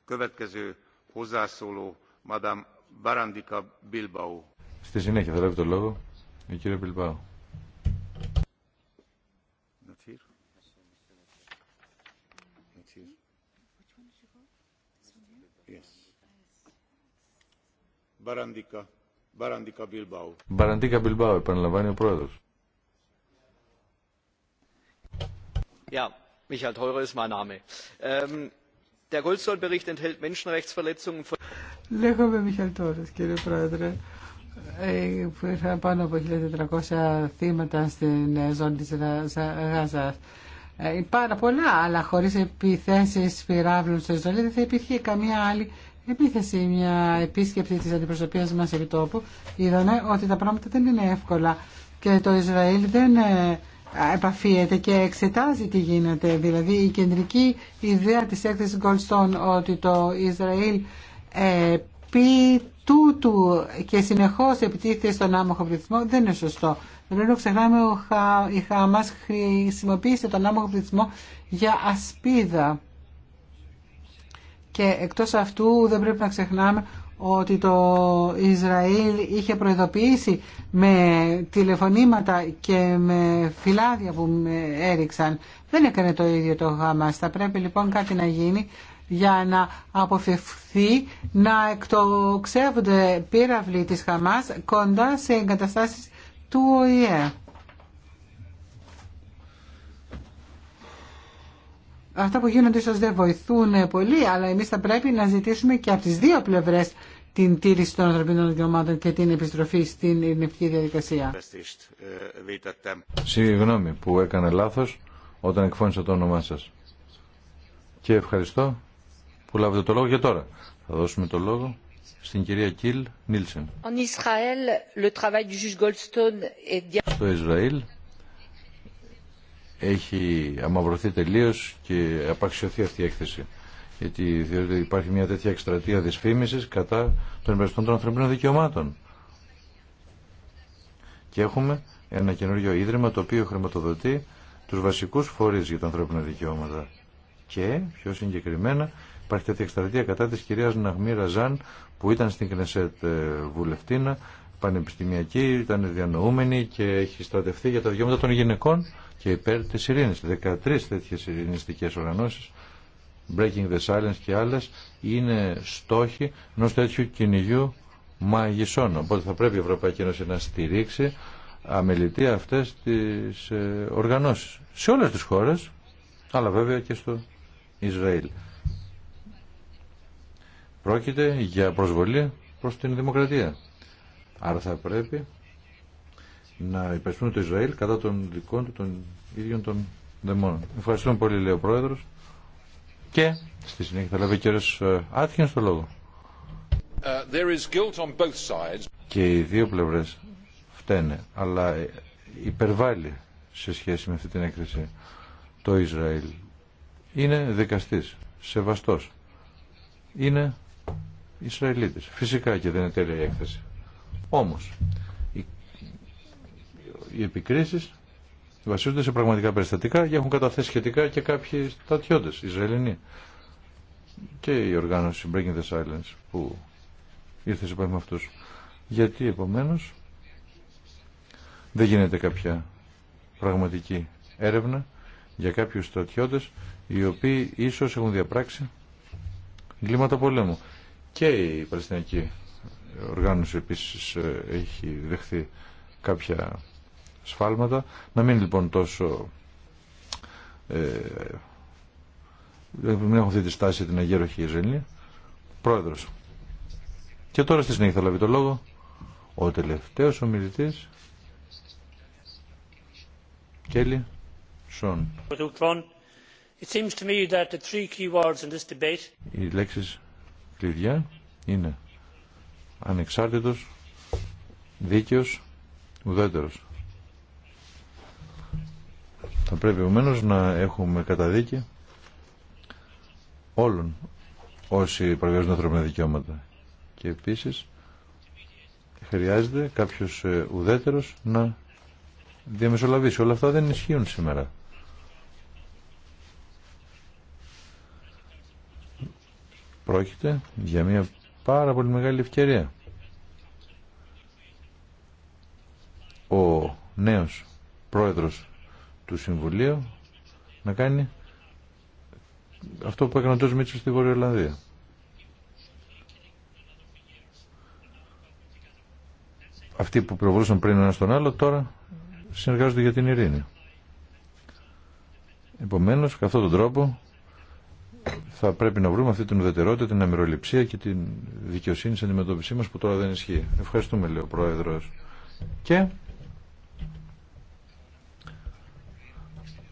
Következő hozzászóló Madame Barandika Bilbao. Στη συνέχεια θα λάβει το λόγο η κυρία Bilbao. Barandika. Barandika Bilbao. Barandika Bilbao, επαναλαμβάνει ο πρόεδρος. Ja, Michael Teurer ist mein Name. Ähm, Der Goldzoll-Bericht enthält Menschenrechtsverletzungen von... Λέγομαι Μιχαήλ Τόρες, κύριε Πρόεδρε. Ε, πάνω από 1.400 θύματα στην ε, ζώνη της Γάζας. Ε, πάρα πολλά, αλλά χωρίς επιθέσεις πυράβλων στη ζώνη δεν θα υπήρχε καμία άλλη επίθεση. Μια επίσκεψη της αντιπροσωπείας μας επί τόπου είδαμε ότι τα πράγματα δεν είναι εύκολα και το Ισραήλ δεν επαφίεται και εξετάζει τι γίνεται. Δηλαδή η κεντρική ιδέα της έκθεσης Goldstone ότι το Ισραήλ ε, πει τούτου και συνεχώς επιτίθεται στον άμαχο πληθυσμό δεν είναι σωστό. Δεν πρέπει ο ξεχνάμε η Χαμάς χρησιμοποίησε τον άμαχο πληθυσμό για ασπίδα. Και εκτός αυτού δεν πρέπει να ξεχνάμε ότι το Ισραήλ είχε προειδοποιήσει με τηλεφωνήματα και με φυλάδια που με έριξαν. Δεν έκανε το ίδιο το Χαμάς. Θα πρέπει λοιπόν κάτι να γίνει για να αποφευθεί να εκτοξεύονται πύραυλοι της Χαμάς κοντά σε εγκαταστάσεις του ΟΗΕ. αυτά που γίνονται ίσως δεν βοηθούν πολύ, αλλά εμείς θα πρέπει να ζητήσουμε και από τις δύο πλευρές την τήρηση των ανθρωπίνων δικαιωμάτων και την επιστροφή στην ειρηνευτική διαδικασία. Συγγνώμη που έκανε λάθος όταν εκφώνησα το όνομά σας. Και ευχαριστώ που λάβετε το λόγο και τώρα. Θα δώσουμε το λόγο στην κυρία Κιλ Νίλσεν. Στο Ισραήλ έχει αμαυρωθεί τελείω και απαξιωθεί αυτή η έκθεση. Γιατί υπάρχει μια τέτοια εκστρατεία δυσφήμισης κατά των εμπεριστών των ανθρωπίνων δικαιωμάτων. Και έχουμε ένα καινούριο ίδρυμα το οποίο χρηματοδοτεί του βασικού φορεί για τα ανθρώπινα δικαιώματα. Και, πιο συγκεκριμένα, υπάρχει τέτοια εκστρατεία κατά τη κυρία Ναγμή Ραζάν που ήταν στην Κνεσέτ ε, βουλευτήνα, πανεπιστημιακή, ήταν διανοούμενη και έχει στρατευτεί για τα δικαιώματα των γυναικών και υπέρ τη ειρήνη. 13 τέτοιε ειρηνιστικέ οργανώσει, Breaking the Silence και άλλε, είναι στόχοι ενό τέτοιου κυνηγιού μαγισσών. Οπότε θα πρέπει η Ευρωπαϊκή Ένωση να στηρίξει αμελητή αυτές τις ε, οργανώσει. σε όλες τις χώρες, αλλά βέβαια και στο Ισραήλ. Πρόκειται για προσβολή προς την δημοκρατία. Άρα θα πρέπει να υπερσπιστούν το Ισραήλ κατά των δικών του των ίδιων των δαιμόνων. Ευχαριστώ πολύ, λέει ο Πρόεδρος. Και στη συνέχεια θα λάβει ο κύριος ε, το λόγο. Ε, και οι δύο πλευρές φταίνε, αλλά υπερβάλλει σε σχέση με αυτή την έκθεση το Ισραήλ. Είναι δικαστής, σεβαστός. Είναι Ισραηλίτης. Φυσικά και δεν είναι τέλεια η έκθεση. Όμως, οι επικρίσεις βασίζονται σε πραγματικά περιστατικά και έχουν καταθέσει σχετικά και κάποιοι στρατιώτες, Ισραηλινοί. Και η οργάνωση Breaking the Silence που ήρθε σε επαφή με αυτούς. Γιατί επομένως δεν γίνεται κάποια πραγματική έρευνα για κάποιους στρατιώτες οι οποίοι ίσω έχουν διαπράξει εγκλήματα πολέμου. Και η Παλαιστινιακή οργάνωση επίσης ε, έχει δεχθεί κάποια σφάλματα. Να μην λοιπόν τόσο... Ε, ε μην έχουν τη στάση την αγέροχη Ιζελή. Πρόεδρος. Και τώρα στη συνέχεια θα λάβει το λόγο ο τελευταίος ομιλητής Κέλλη Σον. Οι λέξεις κλειδιά είναι ανεξάρτητος, δίκαιος, ουδέτερος. Θα πρέπει επομένω να έχουμε καταδίκη όλων όσοι παραβιάζουν ανθρώπινα δικαιώματα. Και επίσης χρειάζεται κάποιος ε, ουδέτερος να διαμεσολαβήσει. Όλα αυτά δεν ισχύουν σήμερα. Πρόκειται για μια πάρα πολύ μεγάλη ευκαιρία. Ο νέος πρόεδρος του Συμβουλίου να κάνει αυτό που έκανε ο Τζος Μίτσος στη Βόρεια Ολλανδία. Αυτοί που προβολούσαν πριν ένα στον άλλο τώρα συνεργάζονται για την ειρήνη. Επομένως, κατά αυτόν τον τρόπο θα πρέπει να βρούμε αυτή την ουδετερότητα, την αμεροληψία και την δικαιοσύνη στην αντιμετώπιση μας που τώρα δεν ισχύει. Ευχαριστούμε, λέει ο Πρόεδρος. Και...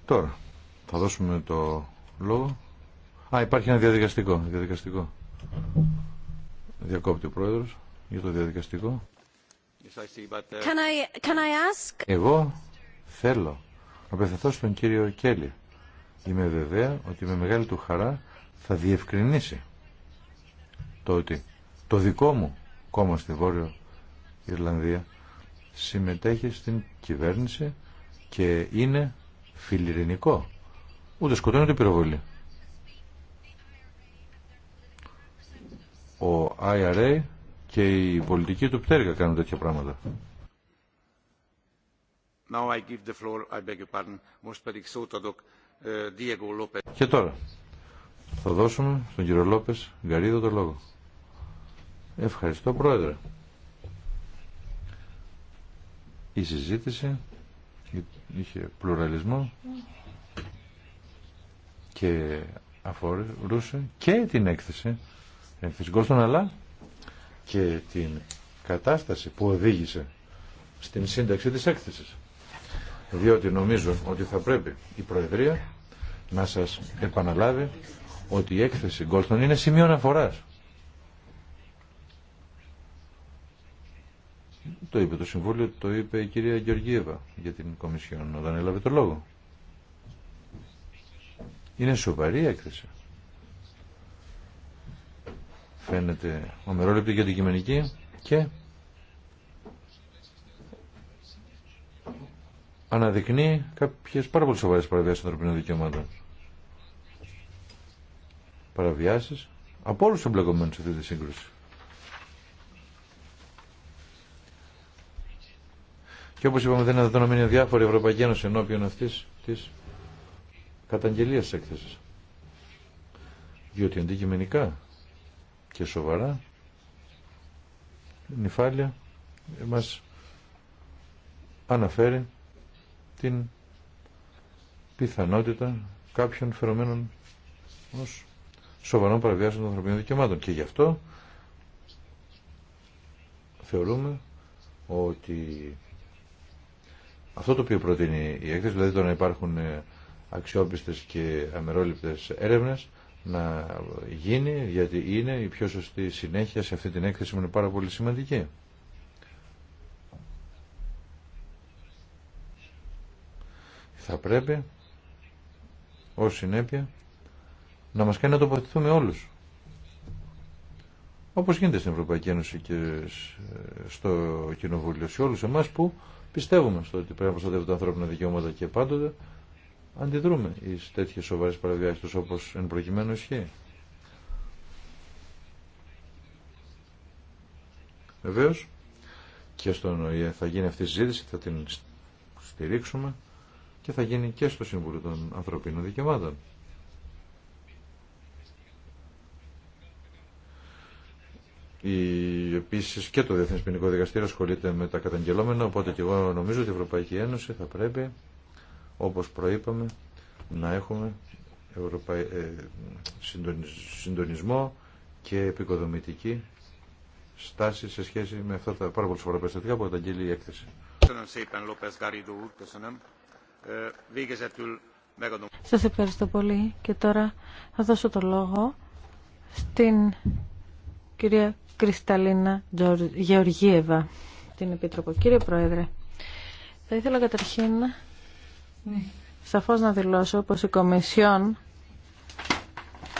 Τώρα, θα δώσουμε το λόγο. Α, υπάρχει ένα διαδικαστικό. διαδικαστικό. Διακόπτει ο Πρόεδρος για το διαδικαστικό. Uh, can I, can I ask... Εγώ θέλω να πεθεθώ στον κύριο Κέλλη. Είμαι βεβαία ότι με μεγάλη του χαρά θα διευκρινίσει το ότι το δικό μου κόμμα στη Βόρειο Ιρλανδία συμμετέχει στην κυβέρνηση και είναι φιλιρινικό. Ούτε σκοτώνει ούτε πυροβολεί. Ο IRA και η πολιτική του πτέρυγα κάνουν τέτοια πράγματα. Και τώρα θα δώσουμε στον κύριο Λόπες Γκαρίδο το λόγο. Ευχαριστώ Πρόεδρε. Η συζήτηση είχε πλουραλισμό και αφορούσε και την έκθεση έκθεση γκόστον αλλά και την κατάσταση που οδήγησε στην σύνταξη της έκθεσης διότι νομίζω ότι θα πρέπει η Προεδρία να σας επαναλάβει ότι η έκθεση Γκόλστον είναι σημείο αναφοράς Το είπε το Συμβούλιο, το είπε η κυρία Γεωργίευα για την Κομισιόν όταν έλαβε το λόγο. Είναι σοβαρή η έκθεση. Φαίνεται ομερόληπτη και αντικειμενική και αναδεικνύει κάποιες πάρα πολύ σοβαρές παραβιάσεις των ανθρωπίνων δικαιωμάτων. Παραβιάσεις από όλους τους εμπλεκομένους σε αυτή τη σύγκρουση. Και όπως είπαμε δεν είναι δυνατόν να μείνει Ευρωπαϊκή Ένωση ενώπιον αυτής της καταγγελίας της έκθεσης. Διότι αντικειμενικά και σοβαρά η νυφάλια μας αναφέρει την πιθανότητα κάποιων φερομένων ως σοβαρών παραβιάσεων των ανθρωπίνων δικαιωμάτων. Και γι' αυτό θεωρούμε ότι αυτό το οποίο προτείνει η έκθεση, δηλαδή το να υπάρχουν ε, αξιόπιστες και αμερόληπτες έρευνες, να γίνει, γιατί είναι η πιο σωστή συνέχεια σε αυτή την έκθεση που είναι πάρα πολύ σημαντική. Θα πρέπει, ως συνέπεια, να μας κάνει να τοποθετηθούμε όλους. Όπως γίνεται στην Ευρωπαϊκή Ένωση και ε, στο Κοινοβούλιο, σε όλους εμάς που πιστεύουμε στο ότι πρέπει να προστατεύουν τα ανθρώπινα δικαιώματα και πάντοτε αντιδρούμε εις τέτοιες σοβαρές παραβιάσεις όπω εν προκειμένου ισχύει. Βεβαίω, και στον ΟΗΕ θα γίνει αυτή η συζήτηση, θα την στηρίξουμε και θα γίνει και στο Συμβούλιο των Ανθρωπίνων Δικαιωμάτων. Η, επίσης και το Διεθνές Ποινικό Δικαστήριο ασχολείται με τα καταγγελόμενα, οπότε και εγώ νομίζω ότι η Ευρωπαϊκή Ένωση θα πρέπει, όπως προείπαμε, να έχουμε Ευρωπαϊ... ε, συντονισμό και επικοδομητική στάση σε σχέση με αυτά τα πάρα πολύ σοβαρά περιστατικά που καταγγείλει η έκθεση. Σας ευχαριστώ πολύ και τώρα θα δώσω το λόγο στην κυρία Κρυσταλίνα Γεωργίεβα, την Επίτροπο. Κύριε Πρόεδρε, θα ήθελα καταρχήν ναι. σαφώς να δηλώσω πως η Κομισιόν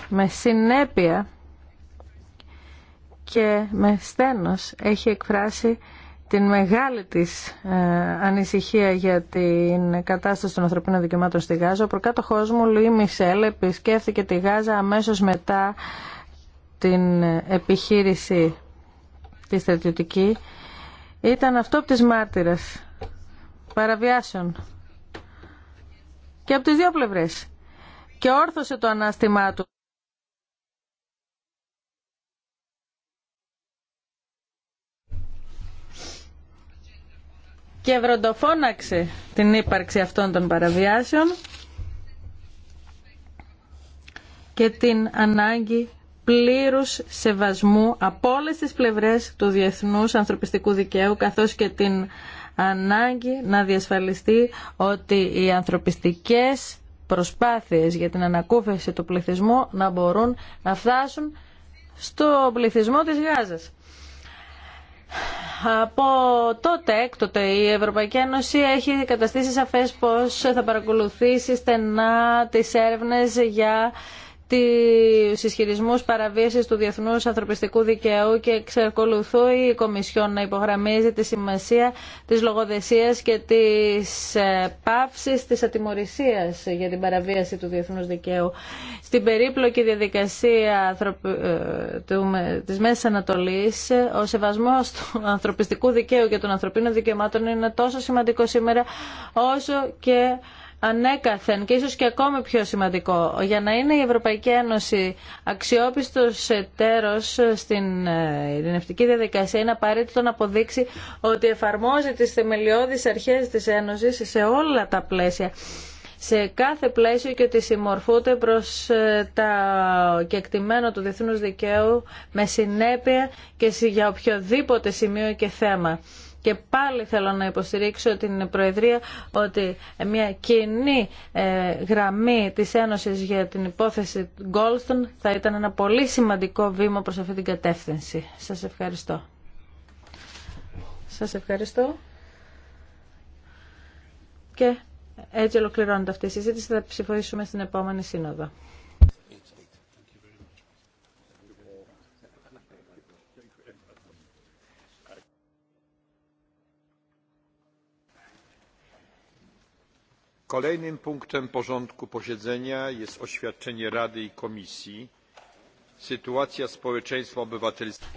με συνέπεια και με στένος έχει εκφράσει την μεγάλη της ε, ανησυχία για την κατάσταση των ανθρωπίνων δικαιωμάτων στη Γάζα. Ο προκάτοχός μου, Λουί Μισελ, επισκέφθηκε τη Γάζα αμέσως μετά την επιχείρηση τη στρατιωτική ήταν αυτό από τις μάρτυρες παραβιάσεων και από τις δύο πλευρές και όρθωσε το ανάστημά του. και βροντοφώναξε την ύπαρξη αυτών των παραβιάσεων και την ανάγκη πλήρους σεβασμού από όλες τις πλευρές του διεθνούς ανθρωπιστικού δικαίου καθώς και την ανάγκη να διασφαλιστεί ότι οι ανθρωπιστικές προσπάθειες για την ανακούφιση του πληθυσμού να μπορούν να φτάσουν στο πληθυσμό της Γάζας. Από τότε, έκτοτε, η Ευρωπαϊκή Ένωση έχει καταστήσει σαφές πως θα παρακολουθήσει στενά τις έρευνες για τους ισχυρισμούς παραβίασης του διεθνούς ανθρωπιστικού δικαίου και εξακολουθώ η Κομισιόν να υπογραμμίζει τη σημασία της λογοδεσίας και της ε, πάυσης της ατιμορρησίας για την παραβίαση του διεθνούς δικαίου. Στην περίπλοκη διαδικασία ε, της Μέσης Ανατολής, ο σεβασμός του ανθρωπιστικού δικαίου και των ανθρωπίνων δικαιωμάτων είναι τόσο σημαντικό σήμερα όσο και ανέκαθεν και ίσως και ακόμη πιο σημαντικό για να είναι η Ευρωπαϊκή Ένωση αξιόπιστος εταίρος στην ε, ειρηνευτική διαδικασία είναι απαραίτητο να αποδείξει ότι εφαρμόζει τις θεμελιώδεις αρχές της Ένωσης σε όλα τα πλαίσια σε κάθε πλαίσιο και ότι συμμορφούνται προς ε, τα κεκτημένα του διεθνούς δικαίου με συνέπεια και για οποιοδήποτε σημείο και θέμα. Και πάλι θέλω να υποστηρίξω την Προεδρία ότι μια κοινή ε, γραμμή της Ένωσης για την υπόθεση Γκόλστον θα ήταν ένα πολύ σημαντικό βήμα προς αυτή την κατεύθυνση. Σας ευχαριστώ. Σας ευχαριστώ. Και έτσι ολοκληρώνεται αυτή η συζήτηση. Θα ψηφίσουμε στην επόμενη σύνοδο. Kolejnym punktem porządku posiedzenia jest oświadczenie Rady i Komisji Sytuacja społeczeństwa obywatelskiego.